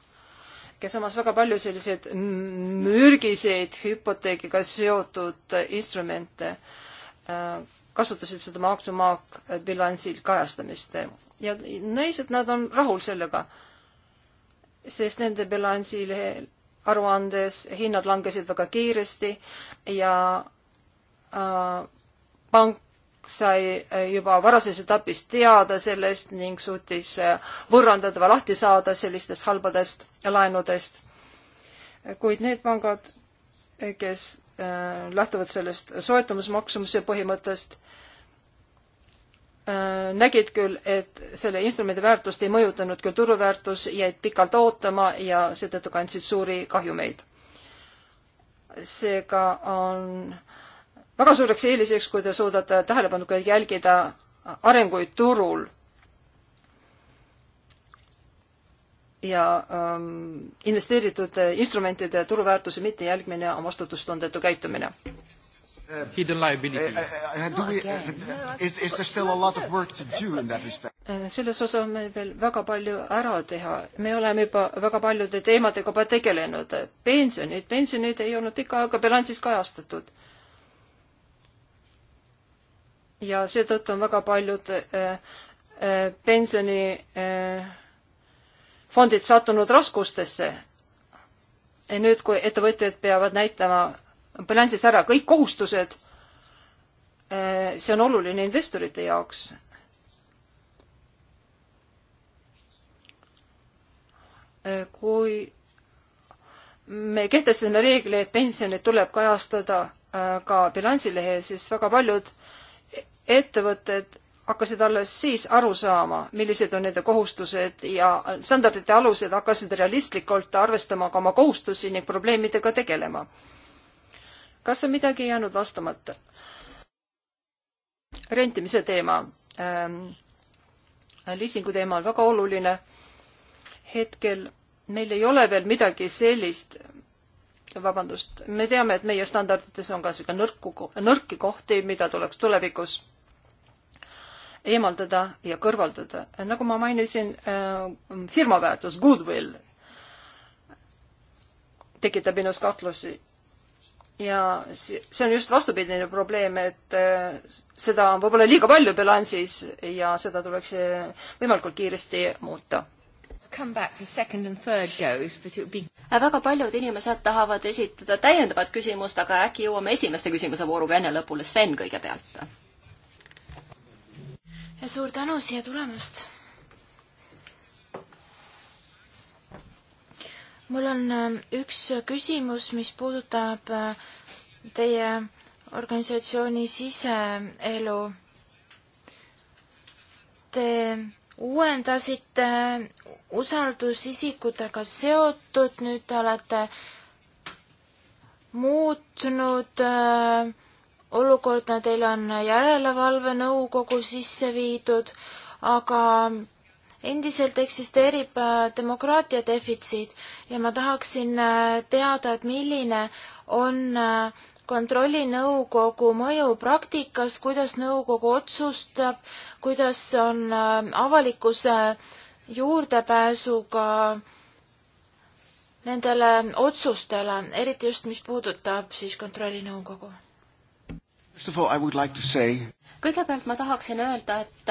ja samas väga palju selliseid mürgiseid hüpoteegiga seotud instrumente äh, kasutasid seda maak-to-maak bilansil kajastamist ja näis, et nad on rahul sellega, sest nende bilansilehel aruandes hinnad langesid väga kiiresti ja äh, pank sai eh, juba varases etapis teada sellest ning suutis eh, võõrandatava lahti saada sellistest halbadest laenudest. kuid need pangad, eh, kes lähtuvad sellest soetamismaksumuse põhimõttest, nägid küll, et selle instrumendi väärtust ei mõjutanud küll turuväärtus, jäid pikalt ootama ja seetõttu kandsid suuri kahjumeid. seega on väga suureks eeliseks, kui te suudate tähelepanelikult jälgida arenguid turul. ja ähm, investeeritud äh, instrumentide turuväärtuse mittejälgmine on vastutustundetu käitumine. Hidden liability uh,. Uh, uh, is, is there still a lot of work to do in that respect? Äh, selles osas on meil veel väga palju ära teha. me oleme juba väga paljude teemadega juba tegelenud. pensionid, pensionid ei olnud pikka aega bilansis kajastatud ja seetõttu on väga paljud eh, eh, pensionifondid eh, sattunud raskustesse. nüüd, kui ettevõtjad peavad näitama bilansis ära kõik kohustused, see on oluline investorite jaoks kui me kehtestasime reegli, et pensionid tuleb kajastada ka bilansilehel, siis väga paljud ettevõtted hakkasid alles siis aru saama, millised on nende kohustused ja standardite alused hakkasid realistlikult arvestama ka oma kohustusi ning probleemidega tegelema. kas on midagi jäänud vastamata? rentimise teema ähm,. liisingu teema on väga oluline. hetkel meil ei ole veel midagi sellist, vabandust, me teame, et meie standardites on ka niisugune nõrku, nõrki kohti, mida tuleks tulevikus eemaldada ja kõrvaldada. nagu ma mainisin, äh, firma väärtus, goodwill tekitab minus kahtlusi. ja see on just vastupidine probleem, et äh, seda on võib-olla liiga palju bilansis ja seda tuleks äh, võimalikult kiiresti muuta. Be... väga paljud inimesed tahavad esitada täiendavat küsimust, aga äkki jõuame esimeste küsimuse vooruga enne lõpule. Sven kõigepealt ja suur tänu siia tulemast. mul on ähm, üks küsimus, mis puudutab äh, teie organisatsiooni siseelu. Te uuendasite usaldusisikutega seotud, nüüd te olete muutnud äh, olukorda, teil on järelevalvenõukogu sisse viidud, aga endiselt eksisteerib äh, demokraatia defitsiit ja ma tahaksin äh, teada, et milline on äh, kontrollinõukogu mõju praktikas, kuidas nõukogu otsustab, kuidas on avalikkuse juurdepääsuga nendele otsustele, eriti just, mis puudutab siis kontrollinõukogu All, like say... kõigepealt ma tahaksin öelda, et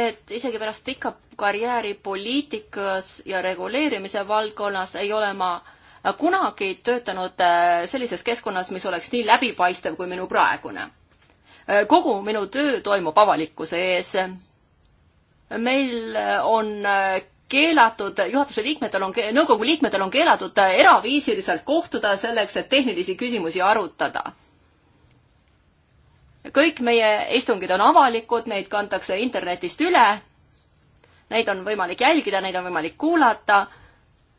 et isegi pärast pikka karjääri poliitikas ja reguleerimise valdkonnas ei ole ma kunagi töötanud äh, sellises keskkonnas, mis oleks nii läbipaistev kui minu praegune. Äh, kogu minu töö toimub avalikkuse ees. meil on äh, keelatud, juhatuse liikmetel on, nõukogu liikmetel on keelatud eraviisiliselt kohtuda selleks, et tehnilisi küsimusi arutada. kõik meie istungid on avalikud, neid kantakse internetist üle. Neid on võimalik jälgida, neid on võimalik kuulata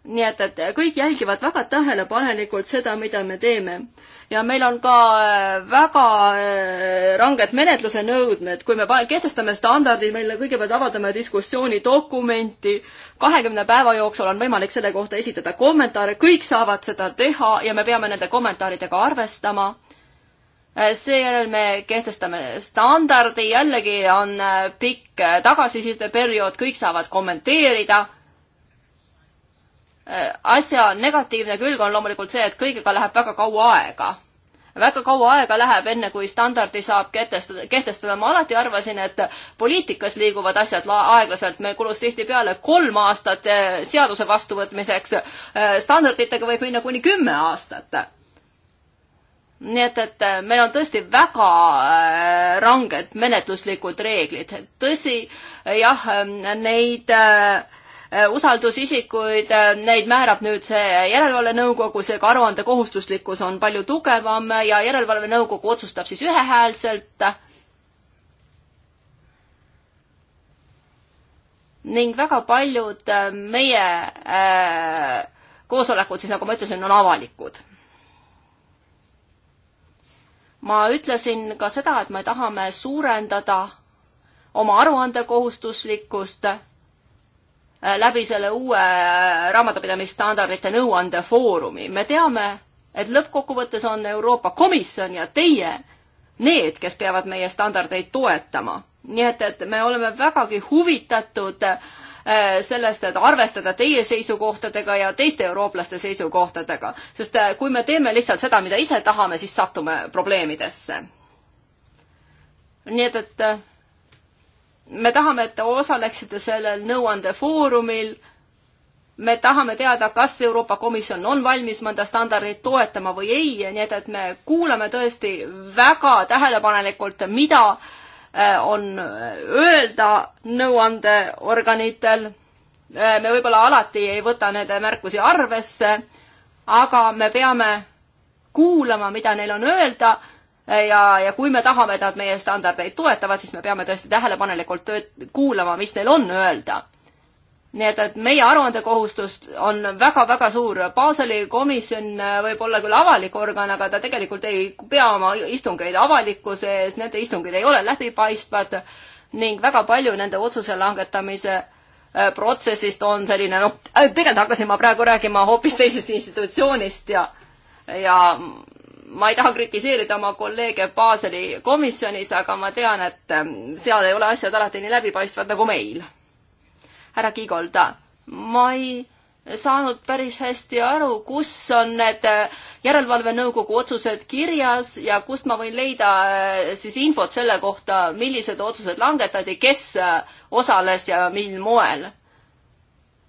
nii et, et kõik jälgivad väga tähelepanelikult seda, mida me teeme. ja meil on ka äh, väga äh, ranged menetluse nõudmed, kui me kehtestame standardid, meile kõigepealt avaldame diskussioonidokumenti, kahekümne päeva jooksul on võimalik selle kohta esitada kommentaare, kõik saavad seda teha ja me peame nende kommentaaridega arvestama äh, seejärel me kehtestame standardi, jällegi on pikk tagasisideperiood, kõik saavad kommenteerida Äh, asja negatiivne külg on loomulikult see, et kõigega läheb väga kaua aega. väga kaua aega läheb, enne kui standardi saab kehtestada, kehtestada. ma alati arvasin, et poliitikas liiguvad asjad aeglaselt, meil kulus tihtipeale kolm aastat äh, seaduse vastuvõtmiseks. Äh, standarditega võib minna kuni kümme aastat nii et, et meil on tõesti väga ranged menetluslikud reeglid. tõsi, jah, neid äh, Äh, usaldusisikuid, äh, neid määrab nüüd see järelevalvenõukogu, seega aruande kohustuslikkus on palju tugevam äh, ja järelevalvenõukogu otsustab siis ühehäälselt. ning väga paljud meie äh, koosolekud siis, nagu ma ütlesin, on avalikud ma ütlesin ka seda, et me tahame suurendada oma aruande kohustuslikkust Äh, läbi selle uue äh, raamatupidamisstandardite nõuandefoorumi. me teame, et lõppkokkuvõttes on Euroopa Komisjon ja teie need, kes peavad meie standardeid toetama. nii et, et me oleme vägagi huvitatud äh, sellest, et arvestada teie seisukohtadega ja teiste eurooplaste seisukohtadega, sest kui me teeme lihtsalt seda, mida ise tahame, siis satume probleemidesse. nii et, et me tahame, et te osaleksite sellel nõuandefoorumil. me tahame teada, kas Euroopa Komisjon on valmis mõnda standardit toetama või ei, nii et, et me kuulame tõesti väga tähelepanelikult, mida äh, on äh, öelda nõuandeorganitel. Äh, me võib-olla alati ei võta nende märkusi arvesse, aga me peame kuulama, mida neil on öelda ja, ja kui me tahame, et nad meie standardeid toetavad, siis me peame tõesti tähelepanelikult tööd, kuulama, mis neil on öelda. nii et, et meie aruandekohustust on väga-väga suur. Baseli komisjon äh, võib olla küll avalik organ, aga ta tegelikult ei pea oma istungeid avalikkuse ees, nende istungid ei ole läbipaistvad ning väga palju nende otsuse langetamise äh, protsessist on selline, noh, äh, tegelikult hakkasin ma praegu rääkima hoopis teisest institutsioonist ja ja ma ei taha kritiseerida oma kolleege Baseli komisjonis, aga ma tean, et ähm, seal ei ole asjad alati nii läbipaistvad nagu meil. härra Kiigold, ma ei saanud päris hästi aru, kus on need äh, järelevalvenõukogu otsused kirjas ja kust ma võin leida äh, siis infot selle kohta, millised otsused langetati, kes äh, osales ja mil moel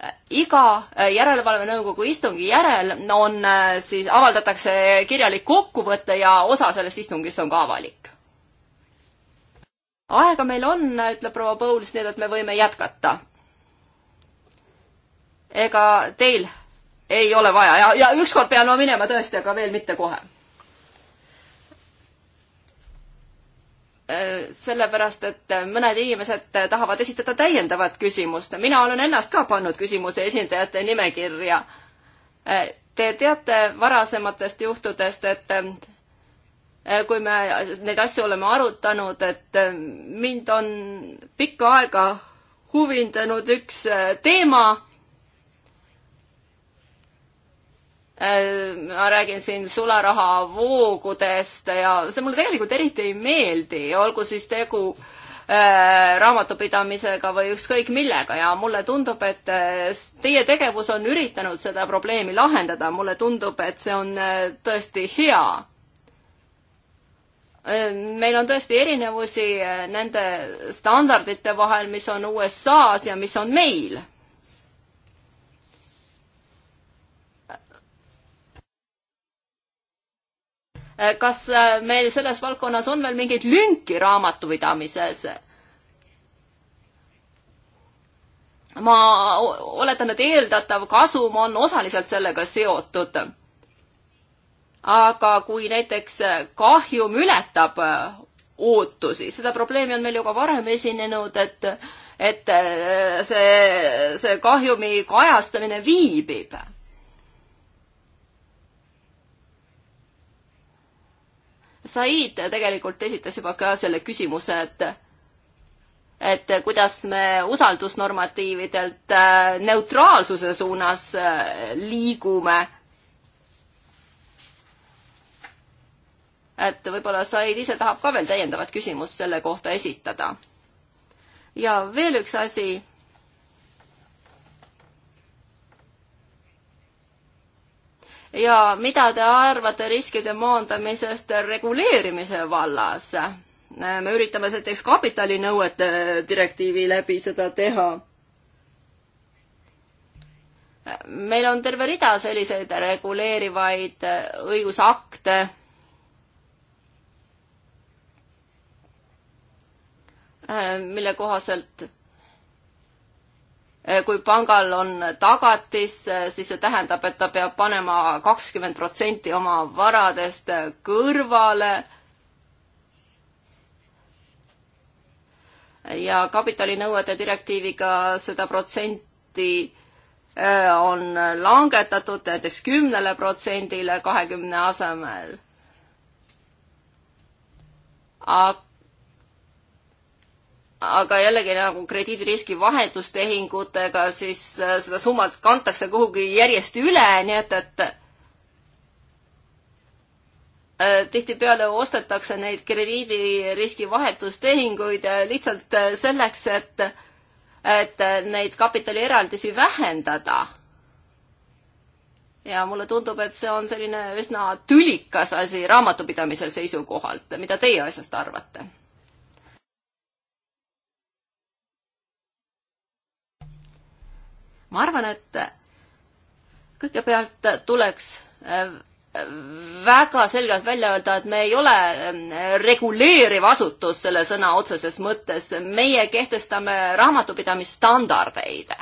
Äh, iga äh, järelevalvenõukogu istungi järel on äh, siis, avaldatakse kirjalik kokkuvõte ja osa sellest istungist on ka avalik. aega meil on, ütleb proua Pouls, nii et me võime jätkata. ega teil ei ole vaja ja, ja ükskord pean ma minema tõesti, aga veel mitte kohe Äh, sellepärast, et äh, mõned inimesed äh, tahavad esitada täiendavat küsimust. mina olen ennast ka pannud küsimuse esindajate nimekirja. Te teate varasematest juhtudest, et kui me neid asju oleme arutanud, et mind on pikka aega huvindanud üks teema, Äh, ma räägin siin sularahavoogudest ja see mulle tegelikult eriti ei meeldi, olgu siis tegu äh, raamatupidamisega või ükskõik millega ja mulle tundub, et äh, teie tegevus on üritanud seda probleemi lahendada, mulle tundub, et see on tõesti hea. meil on tõesti erinevusi nende standardite vahel, mis on USA-s ja mis on meil Äh, kas äh, meil selles valdkonnas on veel mingeid lünki raamatupidamises? ma oletan, et eeldatav kasum on osaliselt sellega seotud. aga kui näiteks äh, kahjum ületab ootusi, seda probleemi on meil ju ka varem esinenud, et et see, see kahjumi kajastamine viibib Said tegelikult esitas juba ka selle küsimuse, et et kuidas me usaldusnormatiividelt äh, neutraalsuse suunas äh, liigume. et võib-olla Said ise tahab ka veel täiendavat küsimust selle kohta esitada. ja veel üks asi ja mida te arvate riskide maandamisest reguleerimise vallas? me üritame näiteks kapitalinõuete direktiivi läbi seda teha meil on terve rida selliseid reguleerivaid õigusakte. mille kohaselt Eh, kui pangal on tagatis, eh, siis see tähendab, et ta peab panema kakskümmend protsenti oma varadest eh, kõrvale. ja kapitalinõuete direktiiviga seda protsenti on langetatud näiteks kümnele protsendile kahekümne asemel. aga aga jällegi nagu krediidiriski vahetustehingutega, siis äh, seda summat kantakse kuhugi järjest üle, nii et, et äh, tihtipeale ostetakse neid krediidiriski vahetustehinguid äh, lihtsalt selleks, et, et neid kapitalieraldisi vähendada. ja mulle tundub, et see on selline üsna tülikas asi raamatupidamise seisukohalt. mida teie asjast arvate? ma arvan, et kõigepealt tuleks äh, väga selgelt välja öelda, et me ei ole ähm, reguleeriv asutus selle sõna otseses mõttes, meie kehtestame raamatupidamisstandardeid.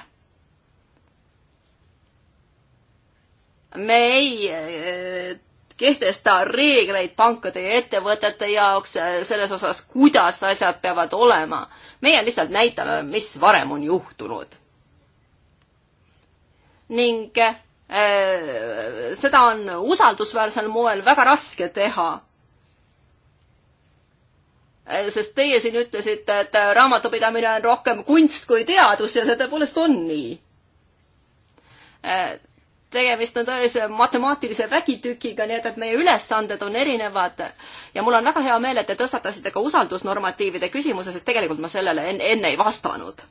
me ei äh, kehtesta reegleid pankade ja ettevõtete jaoks äh, selles osas, kuidas asjad peavad olema. meie lihtsalt näitame, mis varem on juhtunud ning äh, seda on usaldusväärsel moel väga raske teha. Äh, sest teie siin ütlesite, et raamatupidamine on rohkem kunst kui teadus ja see tõepoolest on nii. Äh, tegemist on tõelise matemaatilise vägitükiga, nii et, et meie ülesanded on erinevad ja mul on väga hea meel, et te tõstatasite ka usaldusnormatiivide küsimuse, sest tegelikult ma sellele enne ei vastanud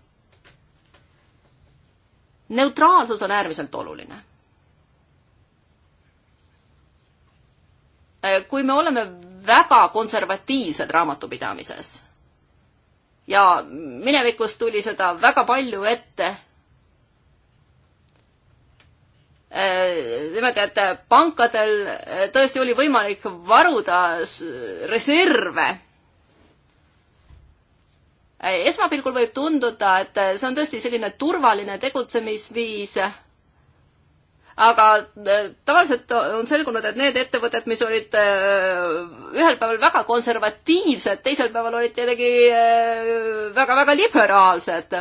neutraalsus on äärmiselt oluline. Äh, kui me oleme väga konservatiivsed raamatupidamises ja minevikus tuli seda väga palju ette, äh, niimoodi, et pankadel äh, tõesti oli võimalik varuda reserve Äh, esmapilgul võib tunduda, et äh, see on tõesti selline turvaline tegutsemisviis, aga äh, tavaliselt on selgunud, et need ettevõtted, mis olid ühel päeval väga konservatiivsed, teisel päeval olid jällegi väga-väga liberaalsed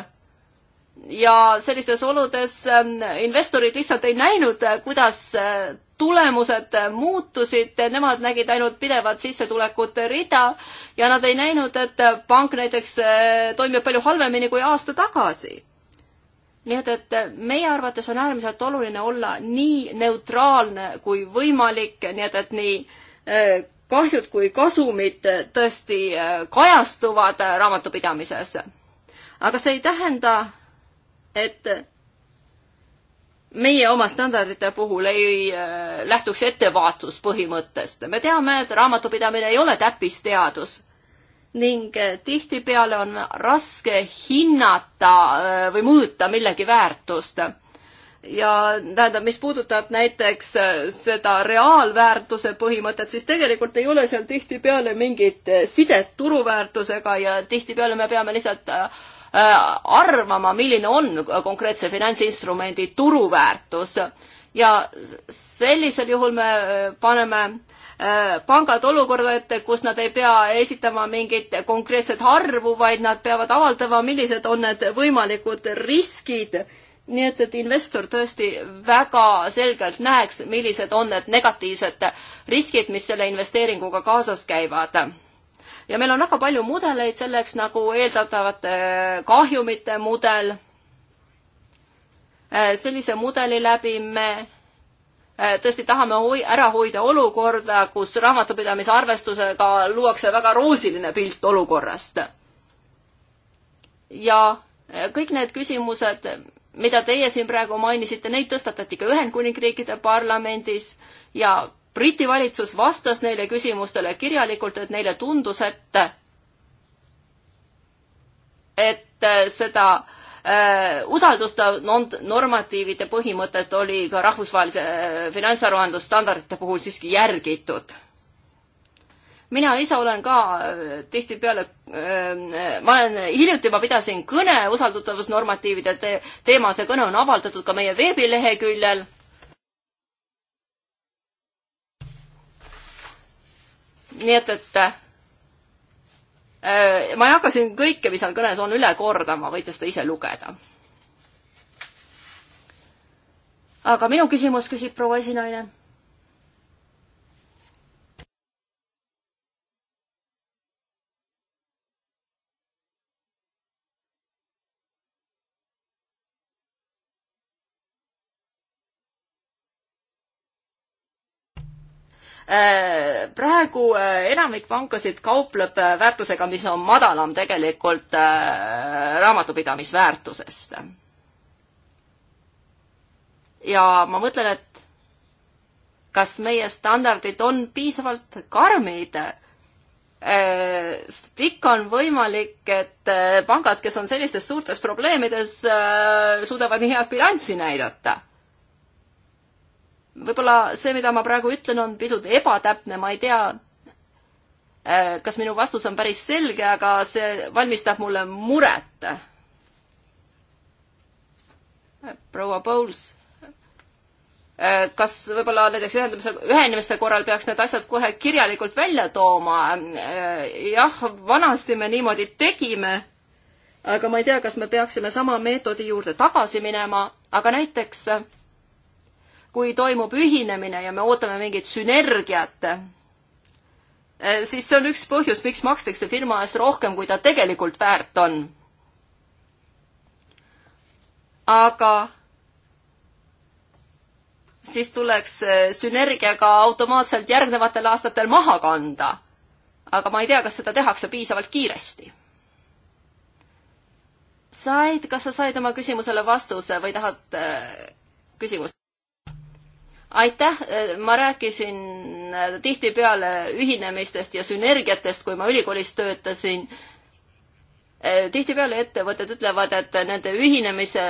ja sellistes oludes ähm, investorid lihtsalt ei näinud, kuidas tulemused muutusid, nemad nägid ainult pidevat sissetulekute rida ja nad ei näinud, et pank näiteks eh, toimib palju halvemini kui aasta tagasi. nii et, et meie arvates on äärmiselt oluline olla nii neutraalne kui võimalik, nii et, et nii eh, kahjud kui kasumid tõesti eh, kajastuvad raamatupidamises. aga see ei tähenda, et meie oma standardite puhul ei äh, lähtuks ettevaatuspõhimõttest. me teame, et raamatupidamine ei ole täppisteadus ning äh, tihtipeale on raske hinnata äh, või mõõta millegi väärtust. ja tähendab, mis puudutab näiteks seda reaalväärtuse põhimõtet, siis tegelikult ei ole seal tihtipeale mingit sidet turuväärtusega ja tihtipeale me peame lihtsalt Äh, arvama, milline on konkreetse finantsinstrumendi turuväärtus ja sellisel juhul me äh, paneme äh, pangad olukorda ette, kus nad ei pea esitama mingit konkreetset arvu, vaid nad peavad avaldama, millised on need võimalikud riskid. nii et, et investor tõesti väga selgelt näeks, millised on need negatiivsed riskid, mis selle investeeringuga kaasas käivad ja meil on väga palju mudeleid selleks, nagu eeldatavate kahjumite mudel. Äh, sellise mudeli läbi me äh, tõesti tahame hoi-, ära hoida olukorda, kus raamatupidamise arvestusega luuakse väga roosiline pilt olukorrast. ja äh, kõik need küsimused, mida teie siin praegu mainisite, neid tõstatati ka Ühendkuningriikide parlamendis ja Briti valitsus vastas neile küsimustele kirjalikult, et neile tundus, et, et äh, seda äh, usaldustav normatiivide põhimõtet oli ka rahvusvahelise äh, finantsaruandlusstandardite puhul siiski järgitud mina ise olen ka äh, tihtipeale äh,, ma olen, hiljuti ma pidasin kõne usaldatavusnormatiivide te teemal, see kõne on avaldatud ka meie veebileheküljel nii et, et äh, ma ei hakka siin kõike, mis seal kõnes on, üle kordama, võite seda ise lugeda. aga minu küsimus, küsib proua esinaine praegu äh, enamik pankasid kaupleb äh, väärtusega, mis on madalam tegelikult äh, raamatupidamisväärtusest. ja ma mõtlen, et kas meie standardid on piisavalt karmid sest ikka on võimalik, et pangad, kes on sellistes suurtes probleemides, suudavad nii head bilanssi näidata võib-olla see, mida ma praegu ütlen, on pisut ebatäpne, ma ei tea, äh, kas minu vastus on päris selge, aga see valmistab mulle muret. proua Pouls, äh, kas võib-olla näiteks ühendamise, ühenemiste korral peaks need asjad kohe kirjalikult välja tooma? Äh, jah, vanasti me niimoodi tegime, aga ma ei tea, kas me peaksime sama meetodi juurde tagasi minema, aga näiteks kui toimub ühinemine ja me ootame mingit sünergiat, eh, siis see on üks põhjus, miks makstakse firma eest rohkem, kui ta tegelikult väärt on. aga siis tuleks eh, sünergiaga automaatselt järgnevatel aastatel maha kanda. aga ma ei tea, kas seda tehakse piisavalt kiiresti. said, kas sa said oma küsimusele vastuse või tahad äh, küsimust? aitäh, ma rääkisin tihtipeale ühinemistest ja sünergiatest, kui ma ülikoolis töötasin. tihtipeale ettevõtted ütlevad, et nende ühinemise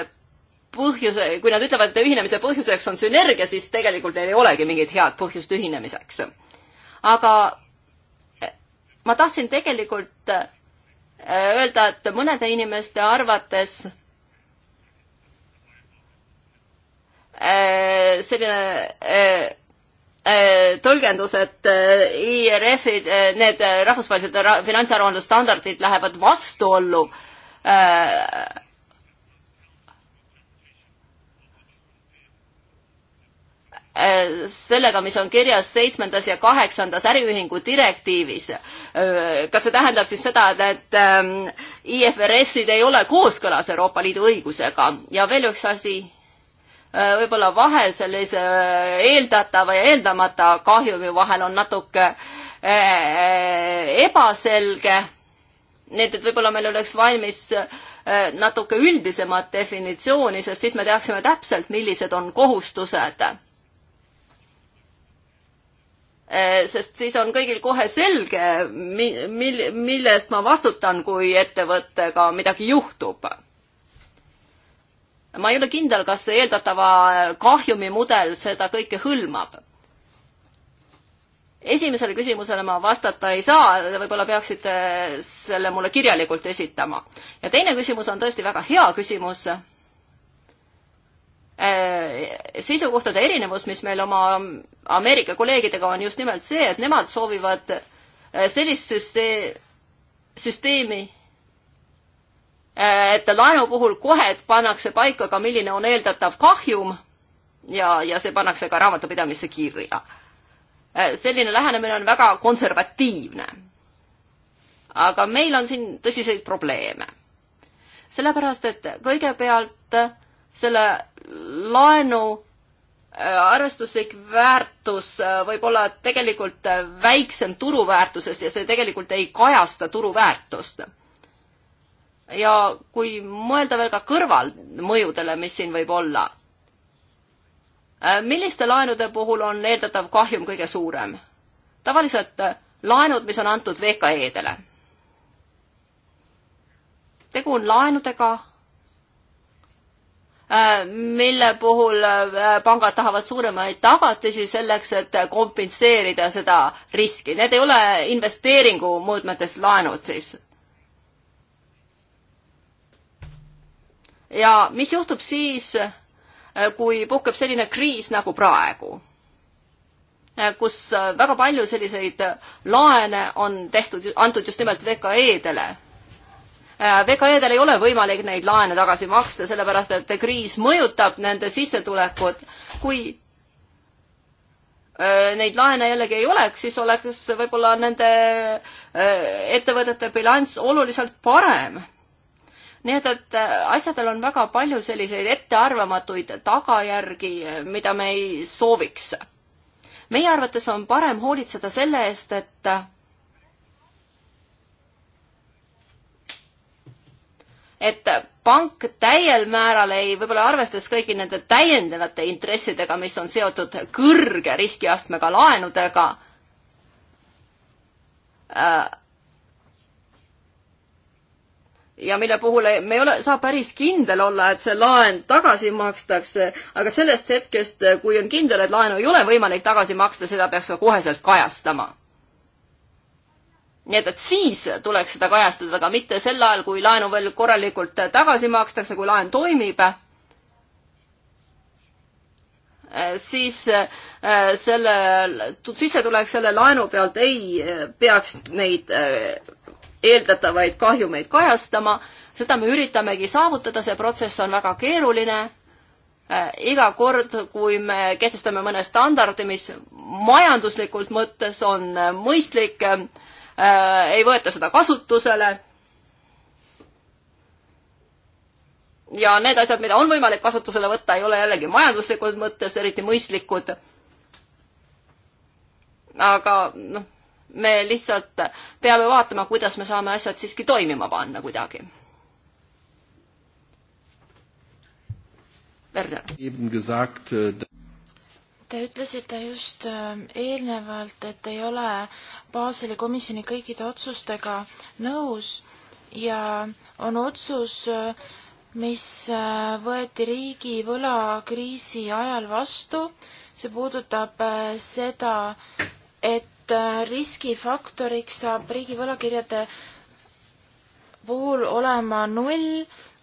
põhjuse, kui nad ütlevad, et ühinemise põhjuseks on sünergia, siis tegelikult neil ei olegi mingit head põhjust ühinemiseks. aga ma tahtsin tegelikult öelda, et mõnede inimeste arvates Äh, selline äh, äh, tõlgendus, et IRF-id, need rahvusvahelised finantsaruandlusstandardid lähevad vastuollu sellega, mis on kirjas seitsmendas ja kaheksandas äriühingu direktiivis. kas see tähendab siis seda, et ähm, IFRS-id ei ole kooskõlas Euroopa Liidu õigusega ja veel üks asi Äh, võib-olla vahe sellise äh, eeldatava ja eeldamata kahjumi vahel on natuke äh, ebaselge. nii et, et võib-olla meil oleks valmis natuke üldisemat definitsiooni, sest siis me teaksime täpselt, millised on kohustused. sest siis on kõigil kohe selge, mil-, millest ma vastutan, kui ettevõttega midagi juhtub ma ei ole kindel, kas see eeldatava kahjumimudel seda kõike hõlmab. esimesele küsimusele ma vastata ei saa, võib-olla peaksite selle mulle kirjalikult esitama. ja teine küsimus on tõesti väga hea küsimus. Äh, seisukohtade erinevus, mis meil oma Ameerika kolleegidega on just nimelt see, et nemad soovivad äh, sellist süsteemi, süsteemi Äh, et laenu puhul kohe pannakse paika ka, milline on eeldatav kahjum ja, ja see pannakse ka raamatupidamisse kirja. Äh, selline lähenemine on väga konservatiivne. aga meil on siin tõsiseid probleeme. sellepärast, et kõigepealt selle laenu äh, arvestuslik väärtus võib olla tegelikult väiksem turuväärtusest ja see tegelikult ei kajasta turuväärtust ja kui mõelda veel ka kõrvalmõjudele, mis siin võib olla, äh, milliste laenude puhul on eeldatav kahjum kõige suurem? tavaliselt äh, laenud, mis on antud VKE-dele. tegu on laenudega, äh, mille puhul pangad tahavad suuremaid tagatisi selleks, et kompenseerida seda riski. Need ei ole investeeringu mõõtmetes laenud siis ja mis juhtub siis, eh, kui puhkeb selline kriis nagu praegu, eh, kus eh, väga palju selliseid laene on tehtud, antud just nimelt VKE-dele. VKE-del ei ole võimalik neid laene tagasi maksta, sellepärast et kriis mõjutab nende sissetulekut. kui neid laene jällegi ei oleks, siis oleks võib-olla nende ettevõtete bilanss oluliselt parem nii et, et äh, asjadel on väga palju selliseid ettearvamatuid tagajärgi, äh, mida me ei sooviks. meie arvates on parem hoolitseda selle eest, et et pank täiel määral ei, võib-olla arvestades kõigi nende täiendavate intressidega, mis on seotud kõrge riskiastmega laenudega äh,, ja mille puhul me ei ole, saa päris kindel olla, et see laen tagasi makstakse, aga sellest hetkest, kui on kindel, et laenu ei ole võimalik tagasi maksta, seda peaks ka koheselt kajastama. nii et, et siis tuleks seda kajastada, aga mitte sel ajal, kui laenu veel korralikult tagasi makstakse, kui laen toimib siis äh, selle, sissetulek selle laenu pealt ei äh, peaks neid äh, eeldatavaid kahjumeid kajastama, seda me üritamegi saavutada, see protsess on väga keeruline äh, iga kord, kui me kehtestame mõne standardi, mis majanduslikult mõttes on äh, mõistlik, äh, ei võeta seda kasutusele. ja need asjad, mida on võimalik kasutusele võtta, ei ole jällegi majanduslikult mõttes eriti mõistlikud. aga noh me lihtsalt peame vaatama, kuidas me saame asjad siiski toimima panna kuidagi. Werner. Äh, Te ütlesite just äh, eelnevalt, et ei ole Baseli komisjoni kõikide otsustega nõus ja on otsus, äh, mis võeti riigi võlakriisi ajal vastu. see puudutab seda, et et äh, riskifaktoriks saab riigi võlakirjade puhul olema null,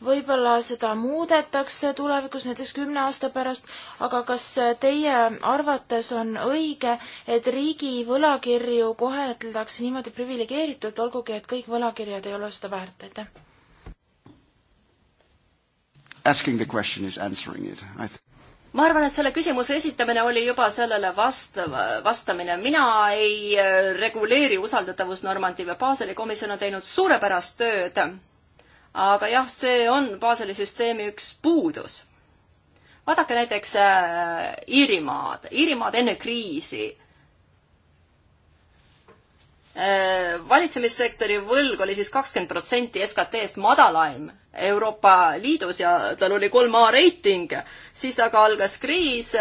võib-olla seda muudetakse tulevikus, näiteks kümne aasta pärast, aga kas teie arvates on õige, et riigi võlakirju koheldakse niimoodi priviligeeritult, olgugi et kõik võlakirjad ei ole seda väärt, aitäh? Asking the question is answering it, I think ma arvan, et selle küsimuse esitamine oli juba sellele vast-, vastamine. mina ei äh, reguleeri usaldatavusnormatiive, Baseli komisjon on teinud suurepärast tööd. aga jah, see on Baseli süsteemi üks puudus. vaadake näiteks äh, Iirimaad, Iirimaad enne kriisi Äh, valitsemissektori võlg oli siis kakskümmend protsenti SKT-st madalaim Euroopa Liidus ja tal oli kolm A reiting, siis aga algas kriis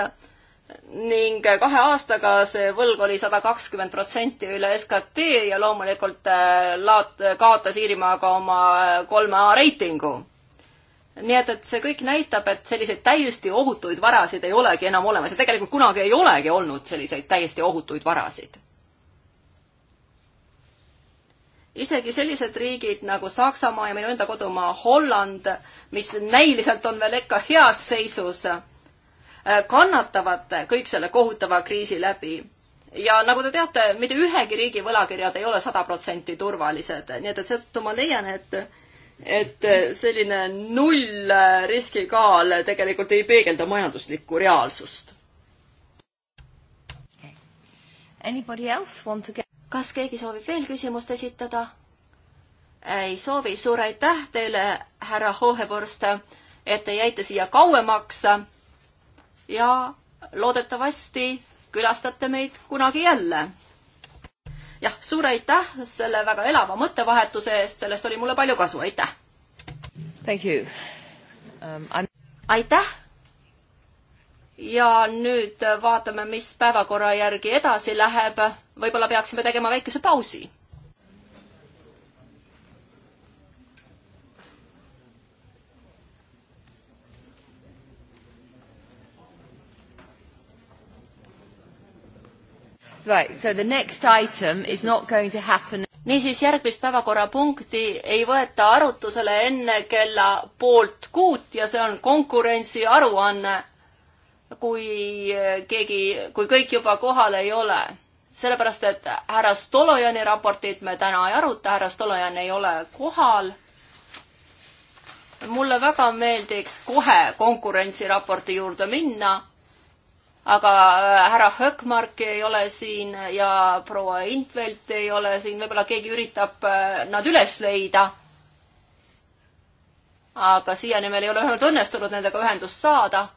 ning kahe aastaga see võlg oli sada kakskümmend protsenti üle SKT ja loomulikult äh, laat-, kaotas Iirimaa ka oma äh, kolme A reitingu. nii et, et see kõik näitab, et selliseid täiesti ohutuid varasid ei olegi enam olemas ja tegelikult kunagi ei olegi olnud selliseid täiesti ohutuid varasid isegi sellised riigid nagu Saksamaa ja minu enda kodumaa Holland, mis näiliselt on veel ikka heas seisus, äh, kannatavad kõik selle kohutava kriisi läbi. ja nagu te teate, mitte ühegi riigi võlakirjad ei ole sada protsenti turvalised, nii et, et seetõttu ma leian, et et selline null riskikaal tegelikult ei peegelda majanduslikku reaalsust. Anybody else want to get kas keegi soovib veel küsimust esitada? ei soovi, suur aitäh teile, härra Hohevorst, et te jäite siia kauemaks ja loodetavasti külastate meid kunagi jälle. jah, suur aitäh selle väga elava mõttevahetuse eest, sellest oli mulle palju kasu, aitäh! Um, aitäh! ja nüüd vaatame, mis päevakorra järgi edasi läheb võib-olla peaksime tegema väikese pausi Right, so the next item is not going to happen. niisiis, järgmist päevakorrapunkti ei võeta arutusele enne kella poolt kuut ja see on konkurentsiaruanne, kui keegi, kui kõik juba kohal ei ole sellepärast et härra Stolojani raportit me täna ei aruta, härra Stolojan ei ole kohal. mulle väga meeldiks kohe konkurentsiraporti juurde minna, aga äh, härra Höökmark ei ole siin ja proua Intvelt ei ole siin, võib-olla keegi üritab äh, nad üles leida. aga siiani meil ei ole vähemalt õnnestunud nendega ühendust saada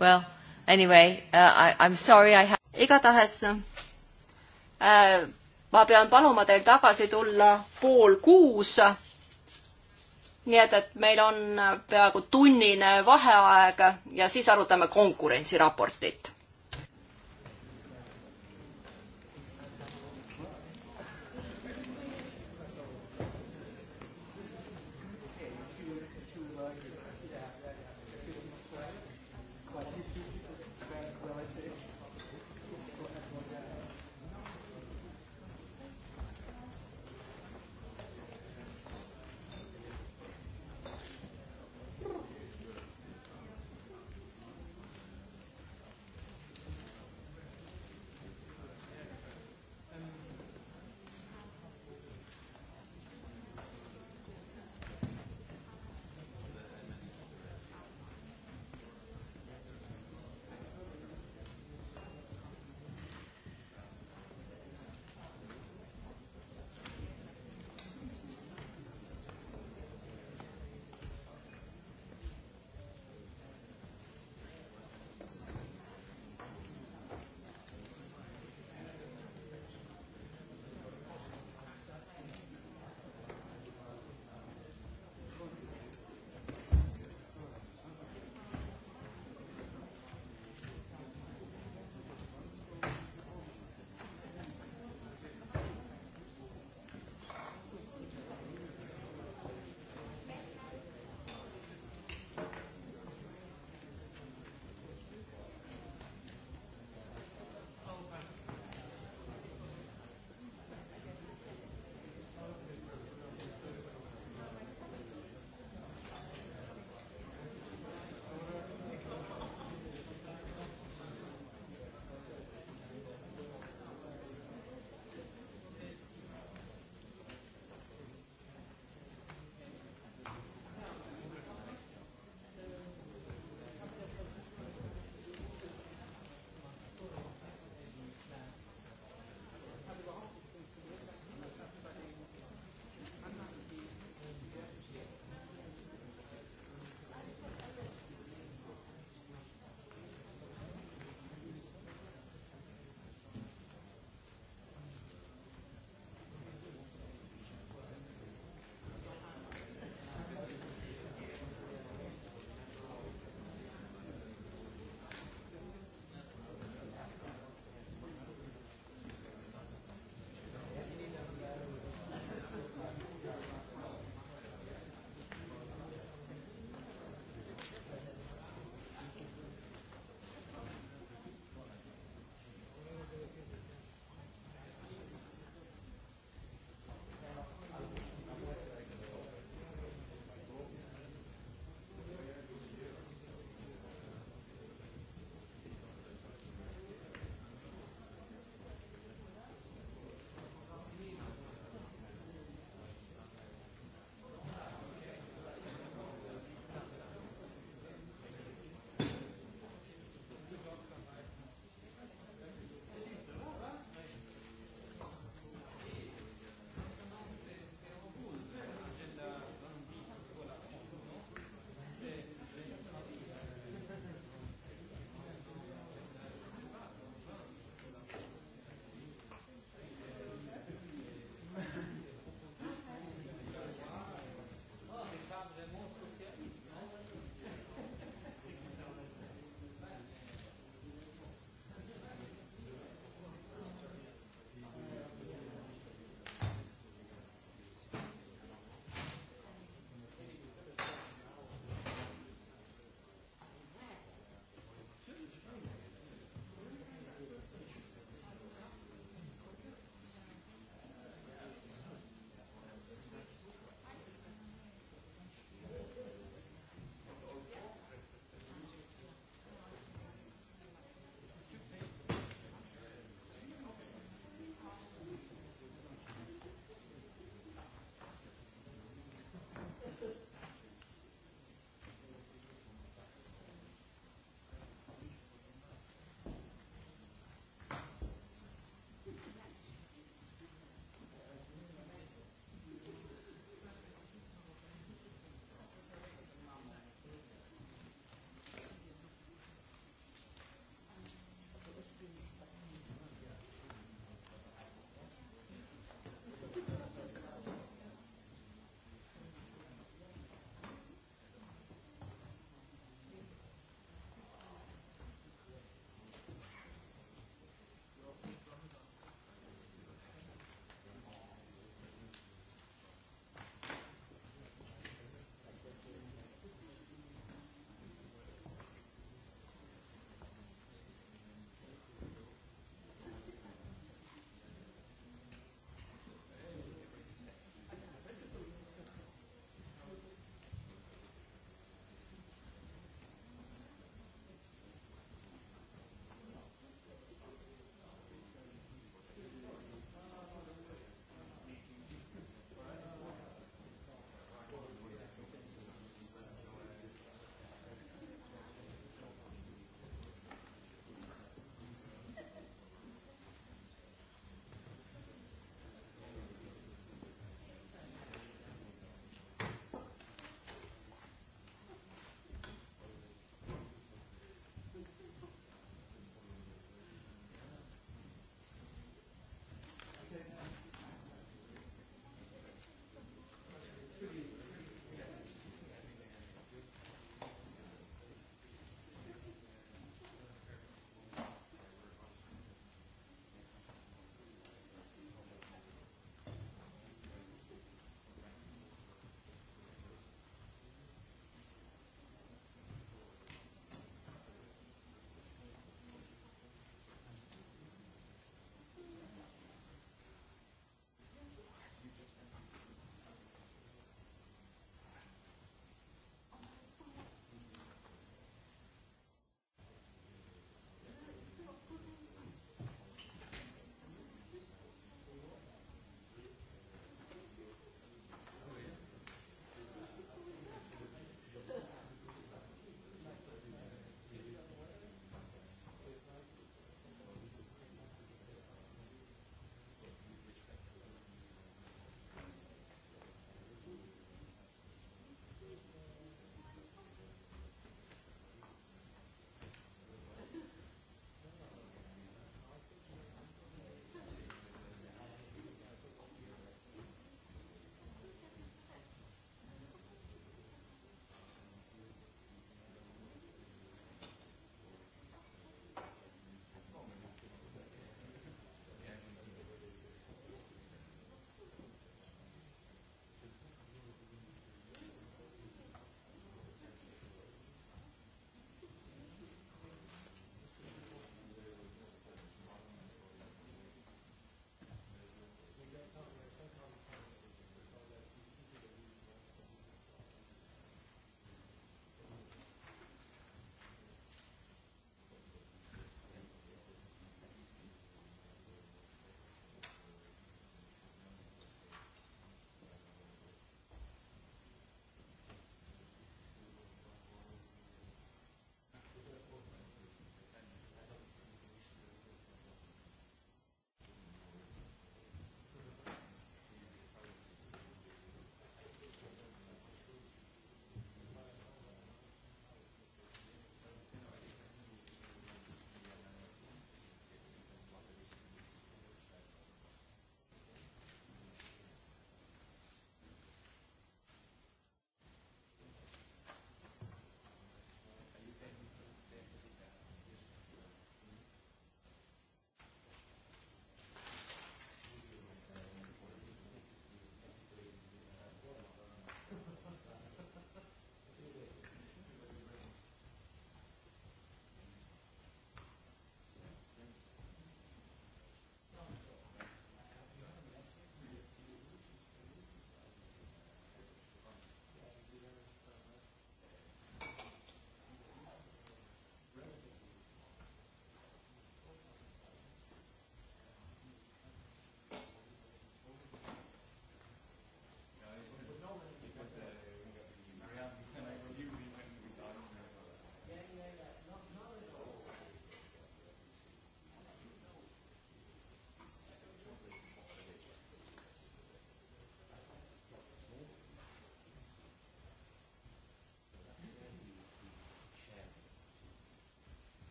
Well, anyway uh,, I, I am sorry, I have. igatahes äh, ma pean paluma teil tagasi tulla pool kuus. nii et, et meil on uh, peaaegu tunnine vaheaeg ja siis arutame konkurentsiraportit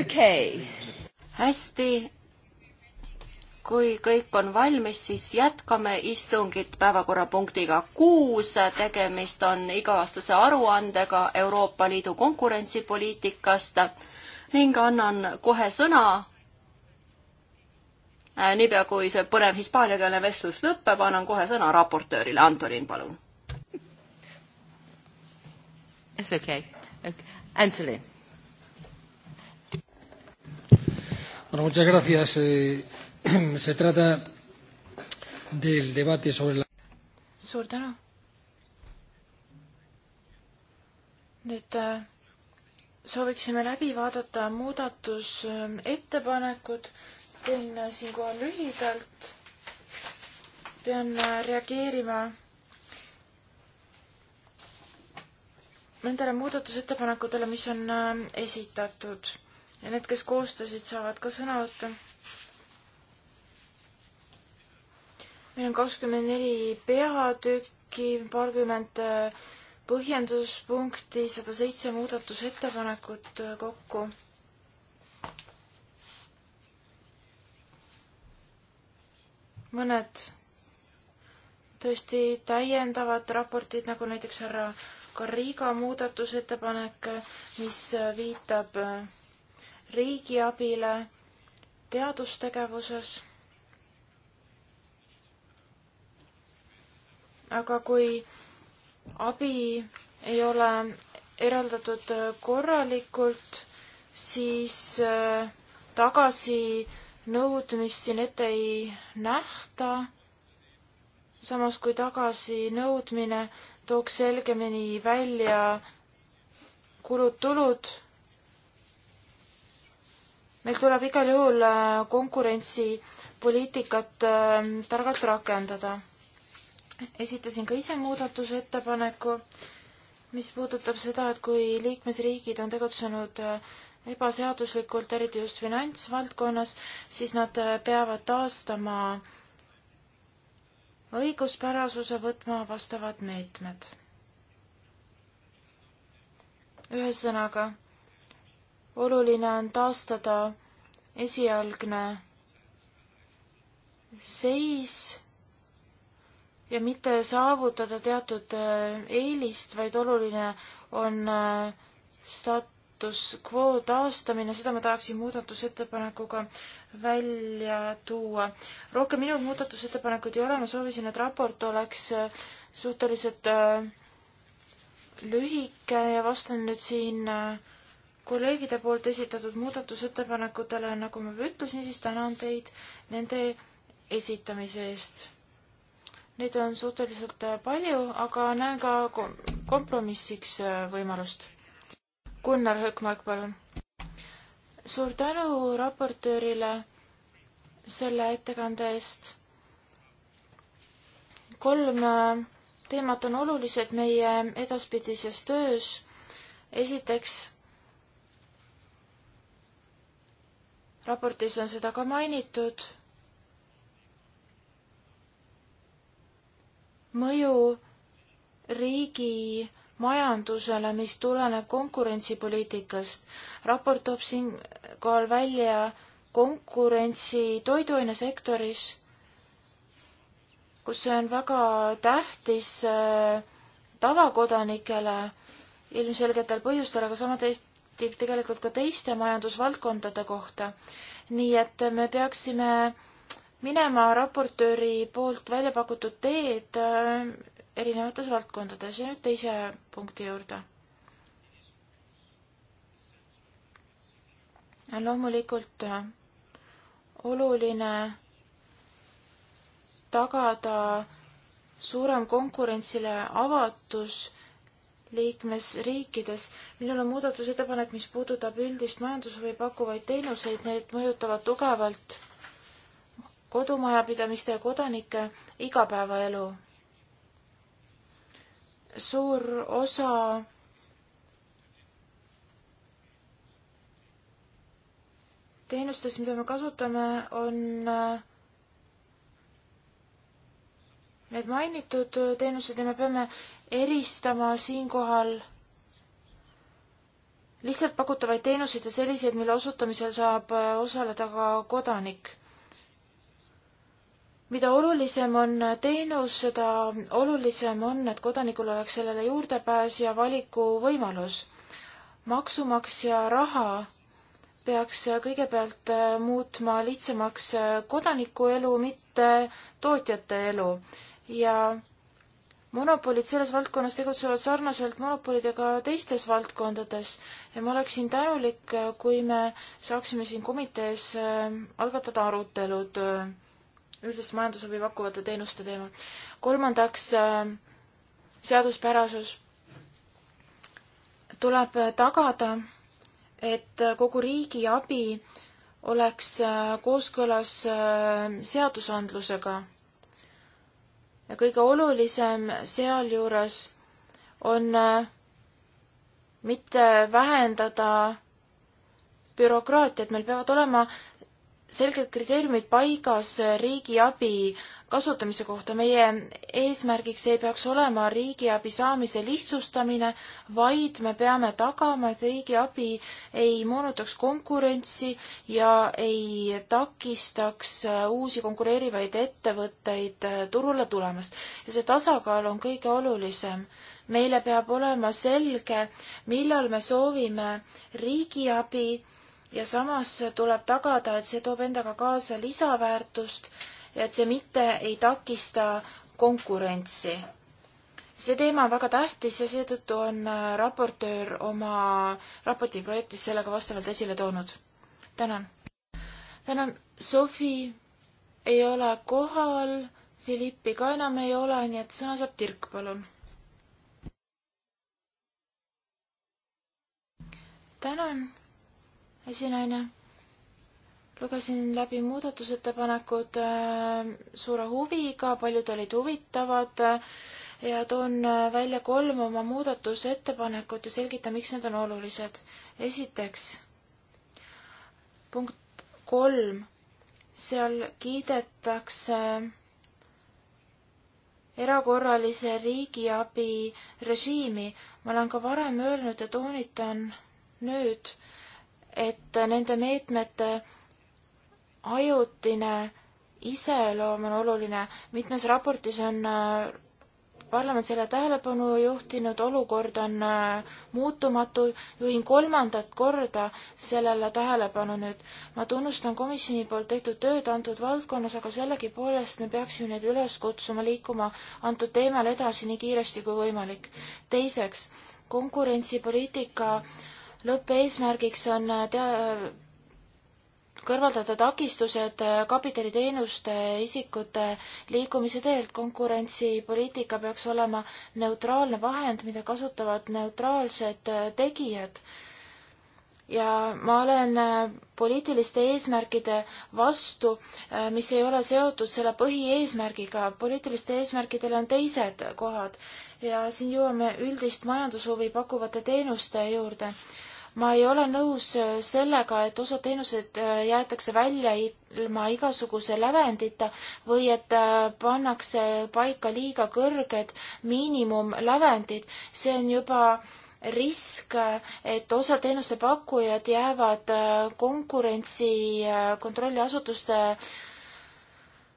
okei okay., hästi. kui kõik on valmis, siis jätkame istungit päevakorrapunktiga kuus. tegemist on iga-aastase aruandega Euroopa Liidu konkurentsipoliitikast ning annan kohe sõna äh, niipea, kui see põnev hispaaniakeelne vestlus lõpeb, annan kohe sõna raportöörile. Antonin, palun. It's okay. Anthony. Bueno, muchas gracias. Eh, se trata del debate sobre la. suur tänu. nüüd äh, sooviksime läbi vaadata muudatusettepanekud. Ähm, teen siinkohal lühidalt. pean äh, reageerima nendele muudatusettepanekutele, mis on äh, esitatud ja need, kes koostasid, saavad ka sõna võtta. meil on kakskümmend neli peatükki, paarkümmend äh, põhjenduspunkti, sada seitse muudatusettepanekut äh, kokku. mõned tõesti täiendavad raportid, nagu näiteks härra Kariga muudatusettepanek, mis viitab riigiabile teadustegevuses. aga kui abi ei ole eraldatud korralikult, siis äh, tagasinõudmist siin ette ei nähta samas kui tagasinõudmine tooks selgemini välja kulud-tulud. meil tuleb igal juhul äh, konkurentsipoliitikat äh, targalt rakendada. esitasin ka ise muudatusettepaneku, mis puudutab seda, et kui liikmesriigid on tegutsenud äh, ebaseaduslikult, eriti just finantsvaldkonnas, siis nad peavad taastama äh, õiguspärasuse võtma vastavad meetmed. ühesõnaga, oluline on taastada esialgne seis ja mitte saavutada teatud äh, eelist, vaid oluline on äh, staat-, toetuskvoo taastamine, seda ma tahaksin muudatusettepanekuga välja tuua. rohkem minul muudatusettepanekuid ei ole, ma soovisin, et raport oleks äh, suhteliselt äh, lühike ja vastan nüüd siin äh, kolleegide poolt esitatud muudatusettepanekutele, nagu ma juba ütlesin, siis tänan teid nende esitamise eest. Neid on suhteliselt palju, aga näen ka kompromissiks võimalust Gunnar Hökmark, palun. suur tänu raportöörile selle ettekande eest. kolm äh, teemat on olulised meie edaspidises töös. esiteks, raportis on seda ka mainitud, mõju riigi majandusele, mis tuleneb konkurentsipoliitikast. raport toob siinkohal välja konkurentsi toiduainesektoris, kus see on väga tähtis äh, tavakodanikele ilmselgetel põhjustel, aga sama kehtib tegelikult ka teiste majandusvaldkondade kohta. nii et me peaksime minema raportööri poolt välja pakutud teed äh, erinevates valdkondades ja nüüd teise punkti juurde. on loomulikult äh, oluline tagada suurem konkurentsile avatus liikmesriikides. minul on muudatusettepanek, mis puudutab üldist majandushuvi pakkuvaid teenuseid, need mõjutavad tugevalt kodumajapidamiste ja kodanike igapäevaelu suur osa teenustest, mida me kasutame, on äh, need mainitud teenused ja me peame eristama siinkohal lihtsalt pakutavaid teenuseid ja selliseid, mille osutamisel saab äh, osaleda ka kodanik mida olulisem on teenus, seda olulisem on, et kodanikul oleks sellele juurdepääs ja valikuvõimalus. maksumaksja raha peaks kõigepealt äh, muutma lihtsamaks äh, kodaniku elu, mitte tootjate elu ja monopolid selles valdkonnas tegutsevad sarnaselt monopolidega teistes valdkondades ja ma oleksin tänulik, äh, kui me saaksime siin komitees algatada arutelud üldist majandusabi pakkuvate teenuste teema. kolmandaks, äh, seaduspärasus. tuleb äh, tagada, et äh, kogu riigi abi oleks kooskõlas seadusandlusega. ja kõige olulisem sealjuures on mitte vähendada bürokraatiat, meil peavad olema selged kriteeriumid paigas riigiabi kasutamise kohta. meie eesmärgiks ei peaks olema riigiabi saamise lihtsustamine, vaid me peame tagama, et riigiabi ei moonutaks konkurentsi ja ei takistaks uusi konkureerivaid ettevõtteid turule tulemast. ja see tasakaal on kõige olulisem. meile peab olema selge, millal me soovime riigiabi ja samas tuleb tagada, et see toob endaga kaasa lisaväärtust ja et see mitte ei takista konkurentsi. see teema on väga tähtis ja seetõttu on äh, raportöör oma raporti projektis selle ka vastavalt esile toonud. tänan. tänan, Sofi ei ole kohal, Philippi ka enam ei ole, nii et sõna saab Dirk, palun. tänan esinaine. lugesin läbi muudatusettepanekud äh, suure huviga, paljud olid huvitavad äh, ja toon äh, välja kolm oma muudatusettepanekut ja selgitan, miks need on olulised. esiteks, punkt kolm, seal kiidetakse erakorralise riigiabi režiimi. ma olen ka varem öelnud ja toonitan nüüd, et nende meetmete ajutine iseloom on oluline. mitmes raportis on äh, parlament selle tähelepanu juhtinud, olukord on äh, muutumatu. juhin kolmandat korda sellele tähelepanu nüüd. ma tunnustan komisjoni poolt tehtud tööd antud valdkonnas, aga sellegipoolest me peaksime neid üles kutsuma liikuma antud teemal edasi nii kiiresti kui võimalik. teiseks, konkurentsipoliitika lõppeesmärgiks on äh, tea-, kõrvaldada takistused äh, kapitaliteenuste isikute liikumise teelt. konkurentsipoliitika peaks olema neutraalne vahend, mida kasutavad neutraalsed äh, tegijad. ja ma olen poliitiliste eesmärkide vastu, mis ei ole seotud selle põhieesmärgiga. poliitilistel eesmärkidel on teised kohad ja siin jõuame üldist majandushuvi pakkuvate teenuste juurde ma ei ole nõus äh, sellega, et osad teenused äh, jäetakse välja ilma igasuguse lävendita või et äh, pannakse paika liiga kõrged miinimumlävendid. see on juba risk, et osa teenuste pakkujad jäävad konkurentsi kontrolliasutuste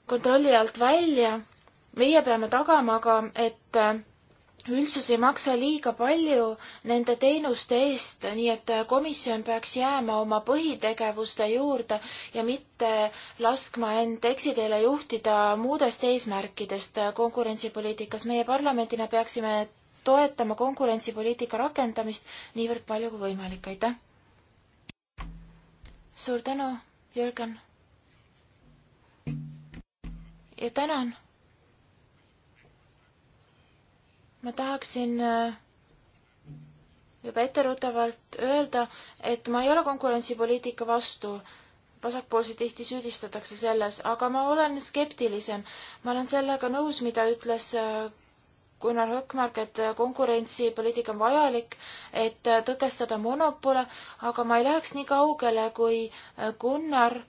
kontrolli alt välja. meie peame tagama aga, et üldsus ei maksa liiga palju nende teenuste eest, nii et komisjon peaks jääma oma põhitegevuste juurde ja mitte laskma end eksiteele juhtida muudest eesmärkidest konkurentsipoliitikas. meie parlamendina peaksime toetama konkurentsipoliitika rakendamist niivõrd palju kui võimalik, aitäh! suur tänu, Jürgen! ja tänan ma tahaksin äh, juba etteruttavalt öelda, et ma ei ole konkurentsipoliitika vastu. vasakpoolsi tihti süüdistatakse selles, aga ma olen skeptilisem. ma olen sellega nõus, mida ütles äh, Gunnar Hökmark, et äh, konkurentsipoliitika on vajalik, et tõkestada monopole, aga ma ei läheks nii kaugele kui Gunnar,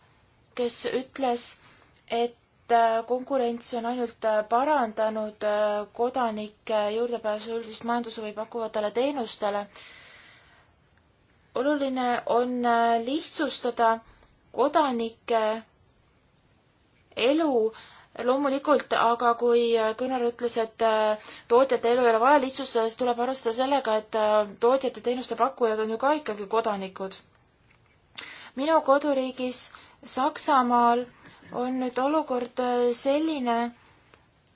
kes ütles, et Äh, konkurents on ainult äh, parandanud äh, kodanike juurdepääsu üldist majandushuvi pakkuvatele teenustele. oluline on lihtsustada kodanike elu loomulikult, aga kui Gunnar ütles, et tootjate elu ei ole vaja lihtsustada, siis tuleb arvestada sellega, et tootjate teenuste pakkujad on ju ka ikkagi kodanikud. minu koduriigis Saksamaal on nüüd olukord äh, selline,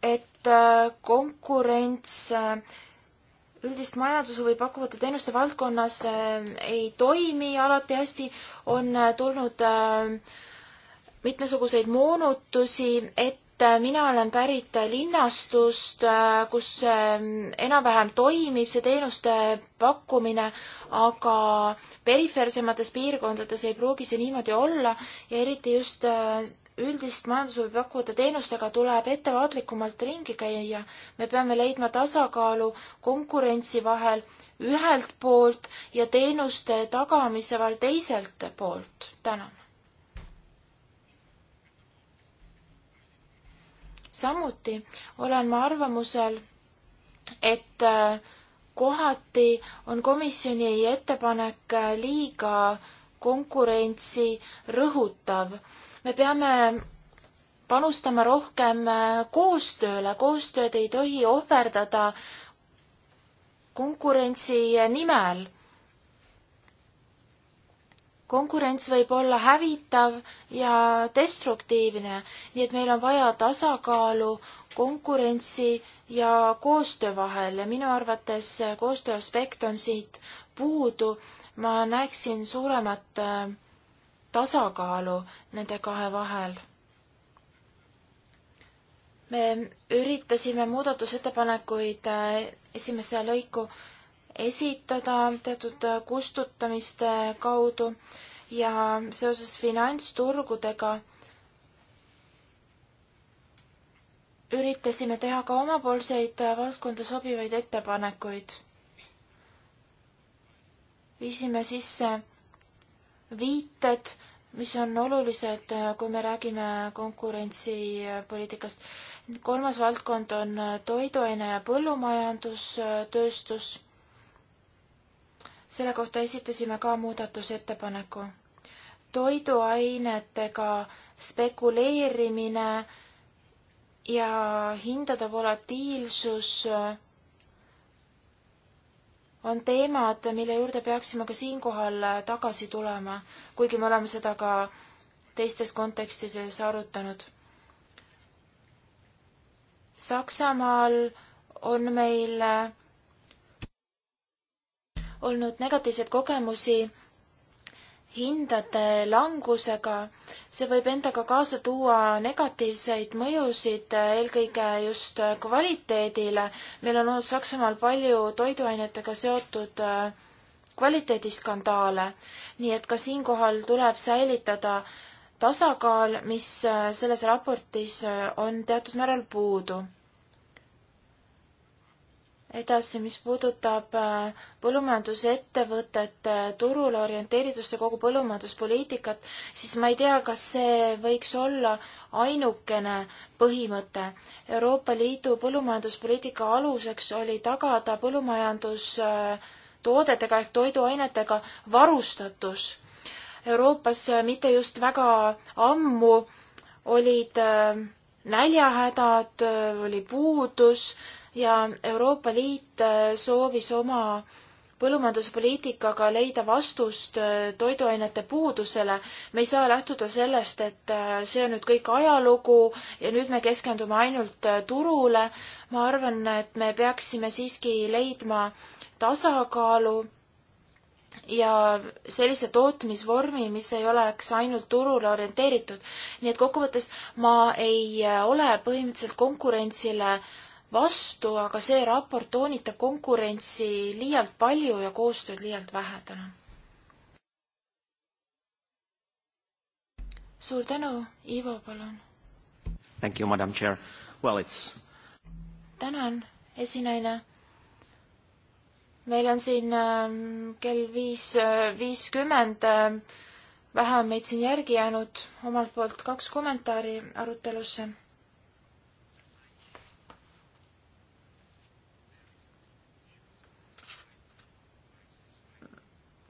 et äh, konkurents äh, üldist majandushuvi pakkuvate teenuste valdkonnas ei toimi alati hästi, on tulnud mitmesuguseid moonutusi ette, mina olen pärit linnastust, kus enam-vähem toimib see teenuste pakkumine, aga perifeersemates piirkondades ei pruugi see niimoodi olla ja eriti just üldist majandushuvi pakkuvate teenustega tuleb ettevaatlikumalt ringi käia. me peame leidma tasakaalu konkurentsi vahel ühelt poolt ja teenuste tagamise vahel teiselt poolt. tänan. samuti olen ma arvamusel, et äh, kohati on komisjoni ettepanek äh, liiga konkurentsi rõhutav me peame panustama rohkem äh, koostööle, koostööd ei tohi ohverdada konkurentsi äh, nimel. konkurents võib olla hävitav ja destruktiivne, nii et meil on vaja tasakaalu konkurentsi ja koostöö vahel ja minu arvates äh, koostöö aspekt on siit puudu. ma näeksin suuremat äh, tasakaalu nende kahe vahel. me üritasime muudatusettepanekuid äh, esimesse lõiku esitada teatud äh, kustutamiste kaudu ja seoses finantsturgudega üritasime teha ka omapoolseid äh, valdkonda sobivaid ettepanekuid. viisime sisse viited mis on olulised, äh, kui me räägime konkurentsipoliitikast. kolmas valdkond on äh, toiduaine ja põllumajandustööstus. selle kohta esitasime ka muudatusettepaneku. toiduainetega spekuleerimine ja hindade volatiilsus äh, on teemad, mille juurde peaksime ka siinkohal tagasi tulema, kuigi me oleme seda ka teistes kontekstides arutanud. Saksamaal on meil olnud negatiivseid kogemusi hindade langusega. see võib endaga kaasa tuua negatiivseid mõjusid, eh, eelkõige just eh, kvaliteedile. meil on olnud Saksamaal palju toiduainetega seotud eh, kvaliteediskandaale, nii et ka siinkohal tuleb säilitada tasakaal, mis selles raportis on teatud määral puudu edasi, mis puudutab äh, põllumajandusettevõtete äh, turule orienteeritust ja kogu põllumajanduspoliitikat, siis ma ei tea, kas see võiks olla ainukene põhimõte. Euroopa Liidu põllumajanduspoliitika aluseks oli tagada põllumajandustoodetega äh, ehk toiduainetega varustatus. Euroopas mitte just väga ammu olid näljahädad, oli puudus äh, ja Euroopa Liit äh, soovis oma põllumajanduspoliitikaga leida vastust äh, toiduainete puudusele. me ei saa lähtuda sellest, et äh, see on nüüd kõik ajalugu ja nüüd me keskendume ainult turule. ma arvan, et me peaksime siiski leidma tasakaalu ja sellise tootmisvormi, mis ei oleks ainult turule orienteeritud. nii et kokkuvõttes ma ei ole põhimõtteliselt konkurentsile vastu, aga see raport toonitab konkurentsi liialt palju ja koostööd liialt vähe täna. suur tänu, Ivo, palun. Thank you, madam chair. Well, it's tänan, esinaine. meil on siin äh, kell viis äh, viiskümmend äh,, vähe on meid siin järgi jäänud, omalt poolt kaks kommentaari arutelusse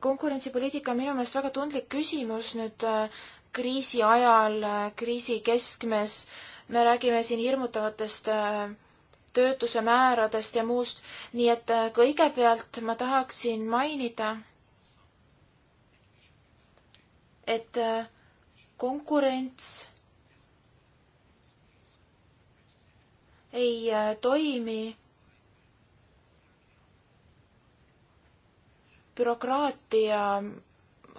konkurentsipoliitika on minu meelest väga tundlik küsimus nüüd äh, kriisi ajal, äh, kriisi keskmes. me räägime siin hirmutavatest äh, töötuse määradest ja muust, nii et kõigepealt ma tahaksin mainida, et konkurents ei toimi bürokraatia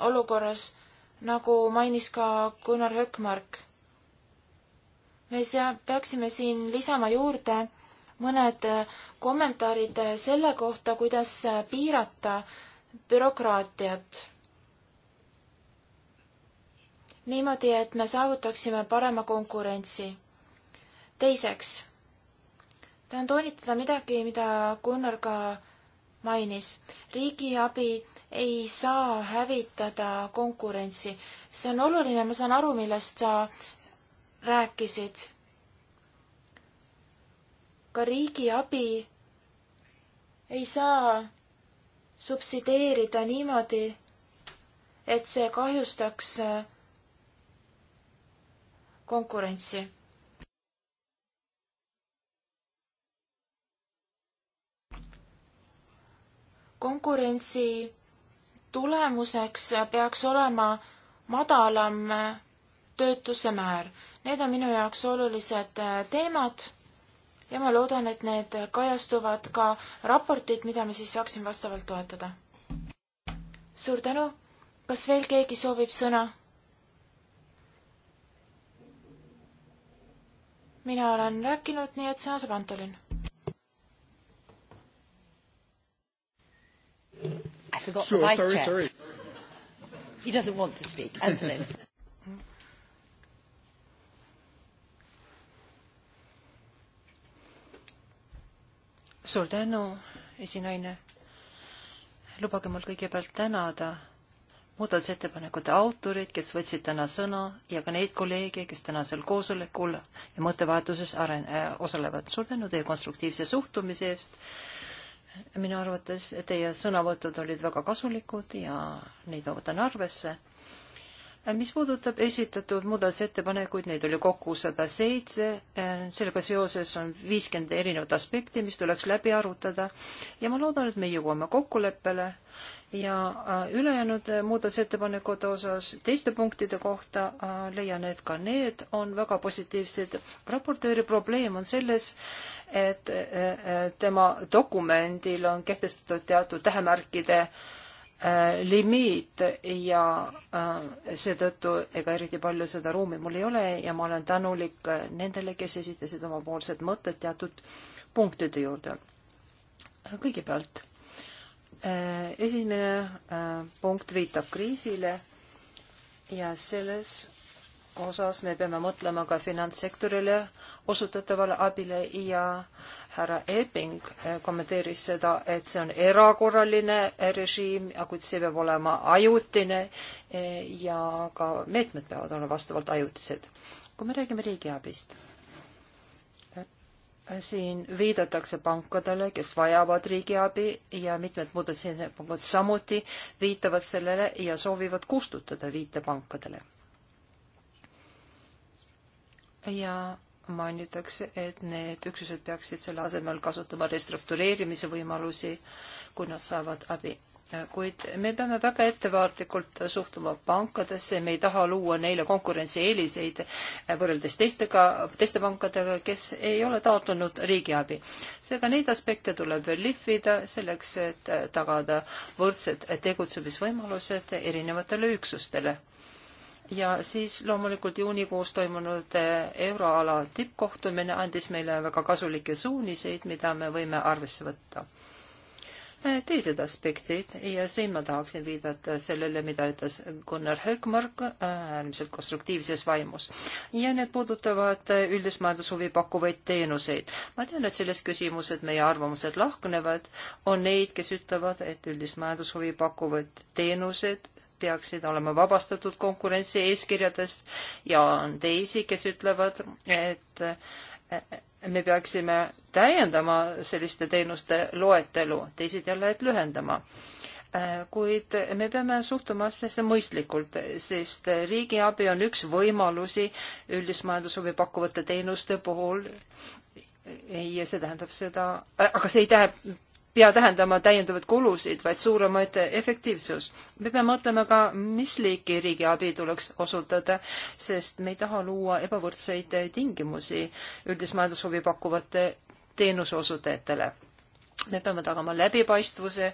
olukorras, nagu mainis ka Gunnar Hökmark. me sea-, peaksime siin lisama juurde mõned kommentaarid selle kohta, kuidas piirata bürokraatiat. niimoodi, et me saavutaksime parema konkurentsi. teiseks, tahan toonitada midagi, mida Gunnar ka mainis. riigiabi ei saa hävitada konkurentsi. see on oluline, ma saan aru, millest sa rääkisid. ka riigiabi ei saa subsideerida niimoodi, et see kahjustaks konkurentsi konkurentsi tulemuseks peaks olema madalam töötuse määr. Need on minu jaoks olulised äh, teemad ja ma loodan, et need kajastuvad ka raportid, mida me siis saaksime vastavalt toetada. suur tänu. kas veel keegi soovib sõna? mina olen rääkinud, nii et sõna saab Antolin I forgot sure, the vice sorry, chair. Sorry. He doesn't want to speak. Antolin. suur tänu, esinaine. lubage mul kõigepealt tänada muudatusettepanekute autorid, kes võtsid täna sõna ja ka neid kolleege, kes tänasel koosolekul ja mõttevahetuses aren- äh,, osalevad. suur tänu teie konstruktiivse suhtumise eest äh, minu arvates teie sõnavõtud olid väga kasulikud ja neid ma võtan arvesse. mis puudutab esitatud muudatusettepanekuid, neid oli kokku sada seitse, eh, sellega seoses on viiskümmend erinevat aspekti, mis tuleks läbi arutada ja ma loodan, et me jõuame kokkuleppele ja äh, ülejäänud äh, muudatusettepanekute osas teiste punktide kohta äh, leian, et ka need on väga positiivsed. raportööri probleem on selles, et tema dokumendil on kehtestatud teatud tähemärkide limiit ja seetõttu ega eriti palju seda ruumi mul ei ole ja ma olen tänulik nendele, kes esitasid omapoolsed mõtted teatud punktide juurde. kõigepealt Äh, esimene äh, punkt viitab kriisile ja selles osas me peame mõtlema ka finantssektorile osutatavale abile ja härra Epping äh, kommenteeris seda, et see on erakorraline režiim, kuid see peab olema ajutine ja ka meetmed peavad olema vastavalt ajutised. kui me räägime riigiabist siin viidatakse pankadele, kes vajavad riigiabi ja mitmed muudatusettepanekud samuti viitavad sellele ja soovivad kustutada viite pankadele. ja mainitakse, et need üksused peaksid selle asemel kasutama restruktureerimise võimalusi, kui nad saavad abi kuid me peame väga ettevaatlikult suhtuma pankadesse, me ei taha luua neile konkurentsieeliseid võrreldes teistega, teiste pankadega, kes ei ole taotlenud riigiabi. seega neid aspekte tuleb veel lihvida selleks, et tagada võrdsed tegutsemisvõimalused erinevatele üksustele ja siis loomulikult juunikuus toimunud euroala tippkohtumine andis meile väga kasulikke suuniseid, mida me võime arvesse võtta Eh, teised aspektid ja siin ma tahaksin viidata sellele, mida ütles Gunnar Högmark eh, äärmiselt konstruktiivses vaimus. ja need puudutavad eh, üldist majandushuvi pakkuvaid teenuseid. ma tean, et selles küsimuses meie arvamused lahknevad, on neid, kes ütlevad, et üldist majandushuvi pakkuvad teenused peaksid olema vabastatud konkurentsi eeskirjadest ja on teisi, kes ütlevad, et me peaksime täiendama selliste teenuste loetelu, teised jälle, et lühendama. Äh, kuid me peame suhtuma asjasse mõistlikult, sest riigiabi on üks võimalusi üldist majandushuvi pakkuvate teenuste puhul ja see tähendab seda, äh, aga see ei tähenda pea tähendama täiendavaid kulusid, vaid suuremaid efektiivsus. me peame mõtlema ka, mis liiki riigiabi tuleks osutada, sest me ei taha luua ebavõrdseid tingimusi üldist majandushuvi pakkuvate teenuseosutajatele. me peame tagama läbipaistvuse,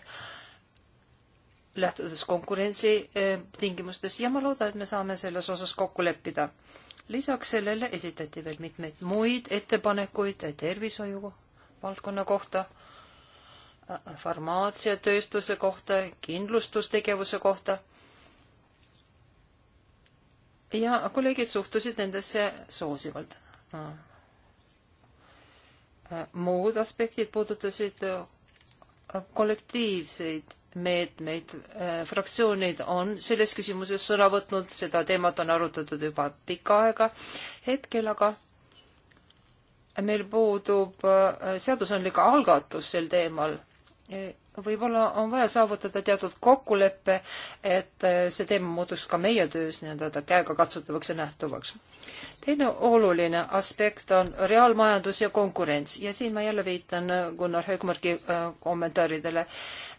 lähtudes konkurentsi eh, tingimustes ja ma loodan, et me saame selles osas kokku leppida. lisaks sellele esitati veel mitmeid muid ettepanekuid tervishoiu valdkonna kohta farmaatsiatööstuse kohta, kindlustustegevuse kohta. ja kolleegid suhtusid nendesse soosivalt. Äh, muud aspektid puudutasid äh, kollektiivseid meetmeid. Äh, fraktsioonid on selles küsimuses sõna võtnud, seda teemat on arutatud juba pikka aega. hetkel aga meil puudub seadusandlik algatus sel teemal võib-olla on vaja saavutada teatud kokkulepe, et äh, see teema muutuks ka meie töös nii-öelda käegakatsutavaks ja nähtavaks. teine oluline aspekt on reaalmajandus ja konkurents ja siin ma jälle viitan äh, Gunnar Högmarki äh, kommentaaridele.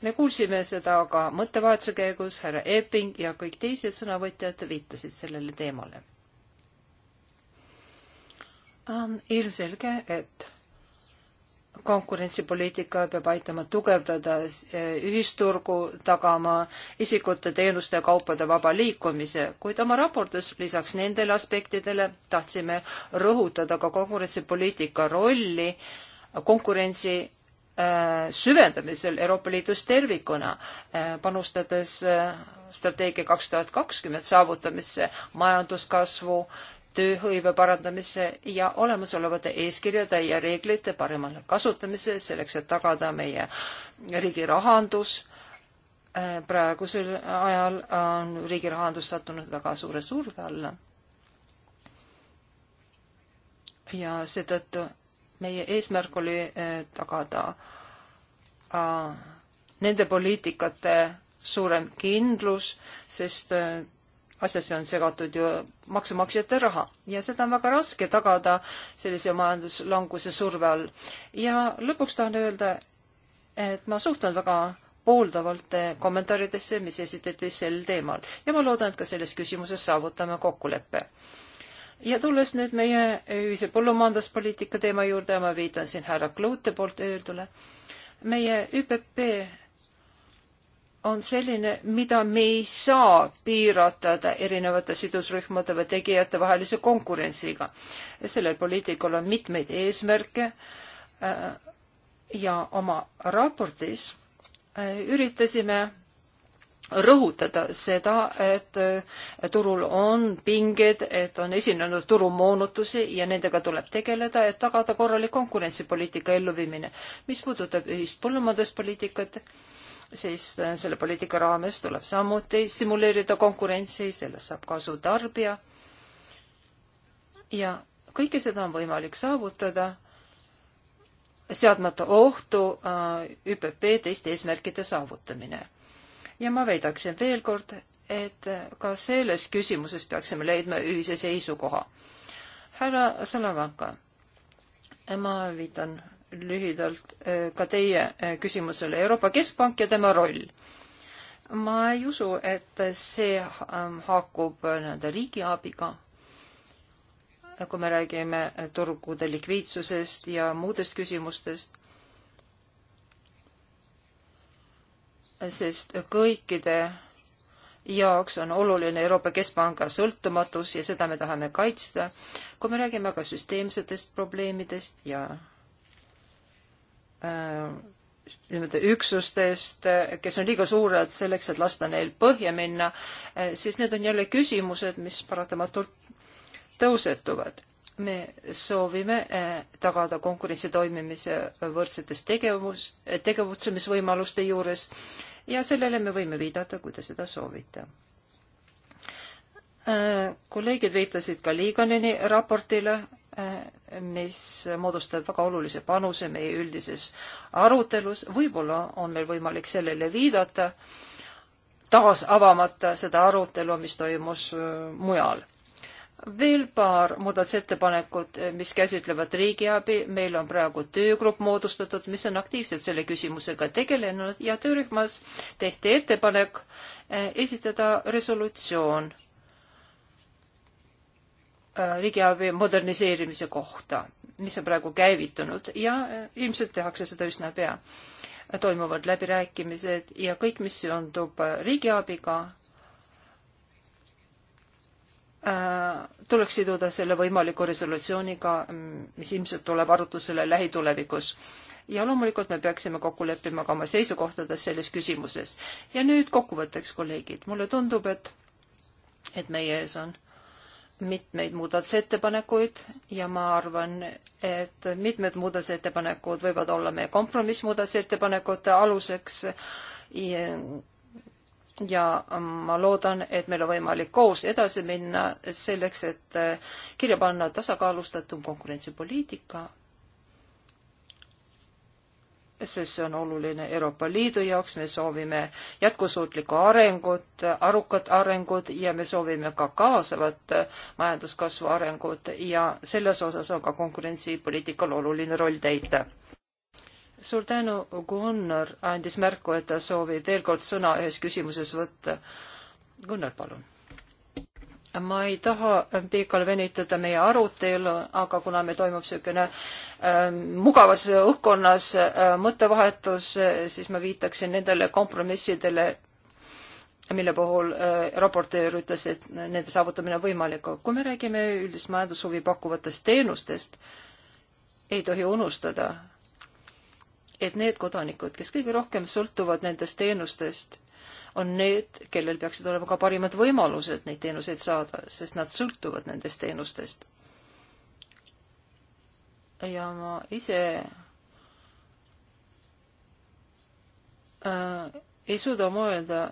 me kuulsime seda ka mõttevahetuse käigus, härra Epping ja kõik teised sõnavõtjad viitasid sellele teemale. ilmselge, et konkurentsipoliitika peab aitama tugevdada eh, ühisturgu, tagama isikute, teenuste ja kaupade vaba liikumise, kuid oma raportis lisaks nendele aspektidele tahtsime rõhutada ka konkurentsipoliitika rolli konkurentsi eh, süvendamisel Euroopa Liidus tervikuna, eh, panustades strateegia kaks tuhat kakskümmend saavutamisse majanduskasvu äh, tööhõive parandamise ja olemasolevate eeskirjade ja reeglite paremale kasutamise, selleks et tagada meie riigi rahandus. Äh, praegusel ajal on riigi rahandus sattunud väga suure surve alla. ja seetõttu meie eesmärk oli äh, tagada äh, nende poliitikate suurem kindlus, sest asjasse on segatud ju maksumaksjate raha ja seda on väga raske tagada sellise majanduslanguse surve all. ja lõpuks tahan öelda, et ma suhtun väga pooldavalt kommentaaridesse, mis esitati sel teemal ja ma loodan, et ka selles küsimuses saavutame kokkuleppe. ja tulles nüüd meie ühise põllumajanduspoliitika teema juurde ja ma viitan siin härra Klõute poolt öeldule, meie ÜPP on selline, mida me ei saa piiratada erinevate sidusrühmade või tegijate vahelise konkurentsiga. sellel poliitikul on mitmeid eesmärke äh, ja oma raportis äh, üritasime rõhutada seda, et äh, turul on pinged, et on esinenud turumoonutusi ja nendega tuleb tegeleda, et tagada korralik konkurentsipoliitika elluviimine. mis puudutab ühist põllumajanduspoliitikat, siis eh, selle poliitika raames tuleb samuti stimuleerida konkurentsi, sellest saab kasu tarbija. ja kõike seda on võimalik saavutada, seadmata ohtu eh, ÜPP teiste eesmärkide saavutamine. ja ma väidaksin veel kord, et eh, ka selles küsimuses peaksime leidma ühise seisukoha. härra Salavanka, ma viitan lühidalt eh, ka teie eh, küsimusele Euroopa Keskpank ja tema roll. ma ei usu, et see ähm, haakub äh, nii-öelda riigiabiga, kui me räägime äh, turgude likviidsusest ja muudest küsimustest sest kõikide jaoks on oluline Euroopa Keskpanga sõltumatus ja seda me tahame kaitsta. kui me räägime aga süsteemsetest probleemidest ja nii-öelda üksustest, kes on liiga suured selleks, et lasta neil põhja minna, siis need on jälle küsimused, mis paratamatult tõusetuvad. me soovime eh, tagada konkurentsi toimimise võrdsetes tegevus, eh, tegevutsemisvõimaluste juures ja sellele me võime viidata, kui te seda soovite Äh, kolleegid viitasid ka Liiganeni raportile, äh, mis moodustab väga olulise panuse meie üldises arutelus. võib-olla on meil võimalik sellele viidata, taas avamata seda arutelu, mis toimus äh, mujal. veel paar muudatusettepanekut, mis käsitlevad riigiabi. meil on praegu töögrupp moodustatud, mis on aktiivselt selle küsimusega tegelenud ja töörühmas tehti ettepanek esitada resolutsioon Äh, riigiabi moderniseerimise kohta, mis on praegu käivitunud ja äh, ilmselt tehakse seda üsna pea. toimuvad läbirääkimised ja kõik, mis seondub äh, riigiabiga, tuleks siduda selle võimaliku resolutsiooniga, mis ilmselt tuleb arutusele lähitulevikus. ja loomulikult me peaksime kokku leppima ka oma seisukohtades selles küsimuses. ja nüüd kokkuvõtteks, kolleegid, mulle tundub, et, et meie ees on mitmeid muudatusettepanekuid ja ma arvan, et mitmed muudatusettepanekud võivad olla meie kompromissmuudatusettepanekute aluseks ja ma loodan, et meil on võimalik koos edasi minna selleks, et kirja panna tasakaalustatum konkurentsipoliitika sest see on oluline Euroopa Liidu jaoks, me soovime jätkusuutlikku arengut, arukat arengut ja me soovime ka kaasavat majanduskasvu arengut ja selles osas on ka konkurentsipoliitikal oluline roll täita. suur tänu, Gunnar andis märku, et ta soovib veel kord sõna ühes küsimuses võtta. Gunnar, palun ma ei taha äh, pikalt venitada meie arutelu, aga kuna meil toimub niisugune äh, mugavas õhkkonnas äh, mõttevahetus äh,, siis ma viitaksin nendele kompromissidele, mille puhul äh, raportöör ütles, et nende saavutamine on võimalik. kui me räägime üldist majandushuvi pakkuvatest teenustest, ei tohi unustada, et need kodanikud, kes kõige rohkem sõltuvad nendest teenustest on need, kellel peaksid olema ka parimad võimalused neid teenuseid saada, sest nad sõltuvad nendest teenustest. ja ma ise äh, ei suuda mõelda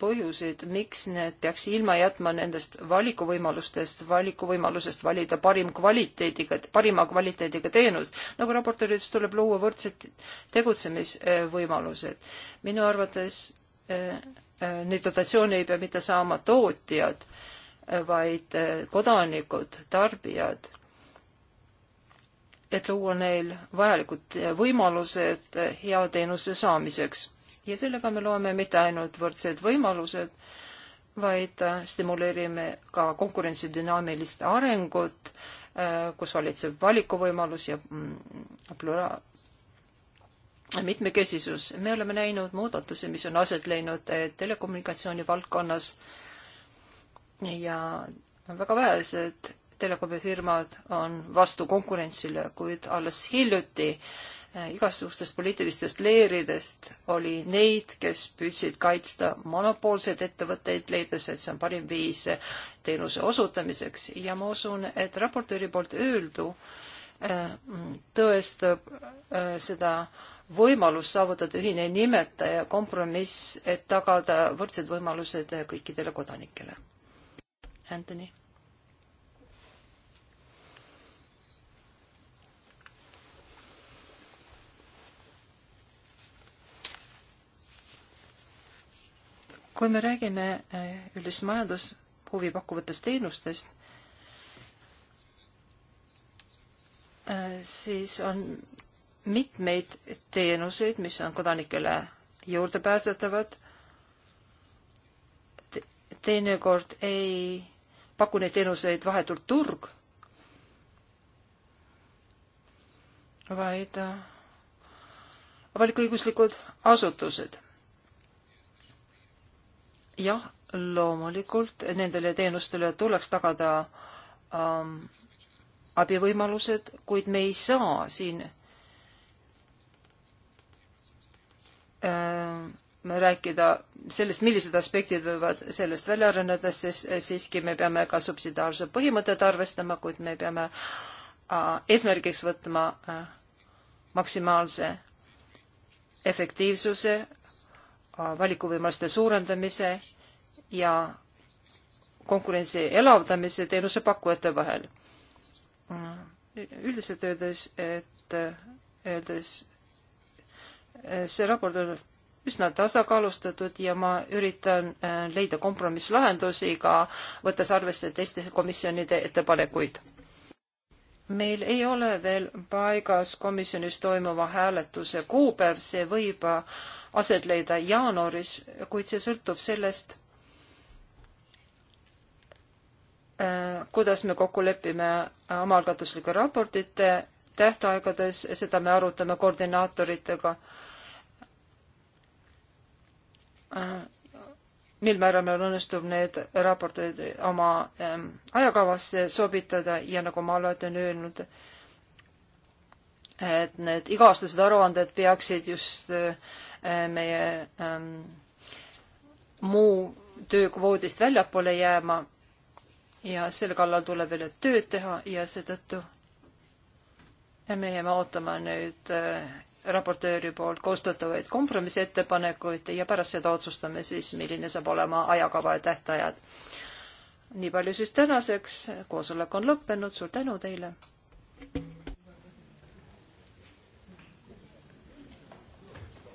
põhjuseid, miks need peaks ilma jätma nendest valikuvõimalustest, valikuvõimalusest valida parim kvaliteediga, parima kvaliteediga teenust. nagu raportöör ütles, tuleb luua võrdsed tegutsemisvõimalused. minu arvates neid dotatsioone ei pea mitte saama tootjad, vaid eh, kodanikud, tarbijad, et luua neil vajalikud eh, võimalused eh, hea teenuse saamiseks. ja sellega me loeme mitte ainult võrdsed võimalused, vaid stimuleerime ka konkurentsi dünaamilist arengut, kus valitseb valikuvõimalus ja mm, plura-, mitmekesisus. me oleme näinud muudatusi, mis on aset leidnud eh, telekommunikatsiooni valdkonnas ja väga vähesed telekomifirmad on vastu konkurentsile, kuid alles hiljuti eh, igasugustest poliitilistest leeridest oli neid, kes püüdsid kaitsta monopoolseid ettevõtteid, leides, et see on parim viis teenuse osutamiseks ja ma usun, et raportööri poolt öeldu eh, tõestab seda äh, võimalus saavutada ühine nimetaja, kompromiss, et tagada võrdsed võimalused kõikidele kodanikele. Anthony. kui me räägime eh, üldist majandushuvi pakkuvatest teenustest, eh, siis on mitmeid teenuseid, mis on kodanikele juurdepääsetavad Te. teinekord ei paku neid teenuseid vahetult turg, vaid äh, avalik-õiguslikud asutused. jah, loomulikult nendele teenustele tuleks tagada ähm, abivõimalused, kuid me ei saa siin Äh, rääkida sellest, millised aspektid võivad sellest välja areneda, siis siiski me peame ka subsidiaarsuse põhimõtet arvestama, kuid me peame äh, eesmärgiks võtma äh, maksimaalse efektiivsuse, valikuvõimaluste suurendamise ja konkurentsi elavdamise teenusepakkujate vahel. üldiselt öeldes, et öeldes Eh, see raport on üsna tasakaalustatud ja ma üritan eh, leida kompromisslahendusi ka, võttes arvesse teiste komisjonide ettepanekuid. meil ei ole veel paigas komisjonis toimuva hääletuse kuupäev, see võib aset leida jaanuaris, kuid see sõltub sellest, eh, kuidas me kokku lepime omaalgatuslike raportite tähtaegades, seda me arutame koordinaatoritega Äh, mil määral meil õnnestub need raportid oma ähm, ajakavasse sobitada ja nagu ma alati olen öelnud, et need iga-aastased aruanded peaksid just äh, meie ähm, muu töökvoodist väljapoole jääma ja selle kallal tuleb veel tööd teha ja seetõttu me jääme ootama nüüd äh, raportööri poolt koostatavaid kompromissettepanekuid ja pärast seda otsustame siis, milline saab olema ajakava ja tähtajad. nii palju siis tänaseks, koosolek on lõppenud, suur tänu teile!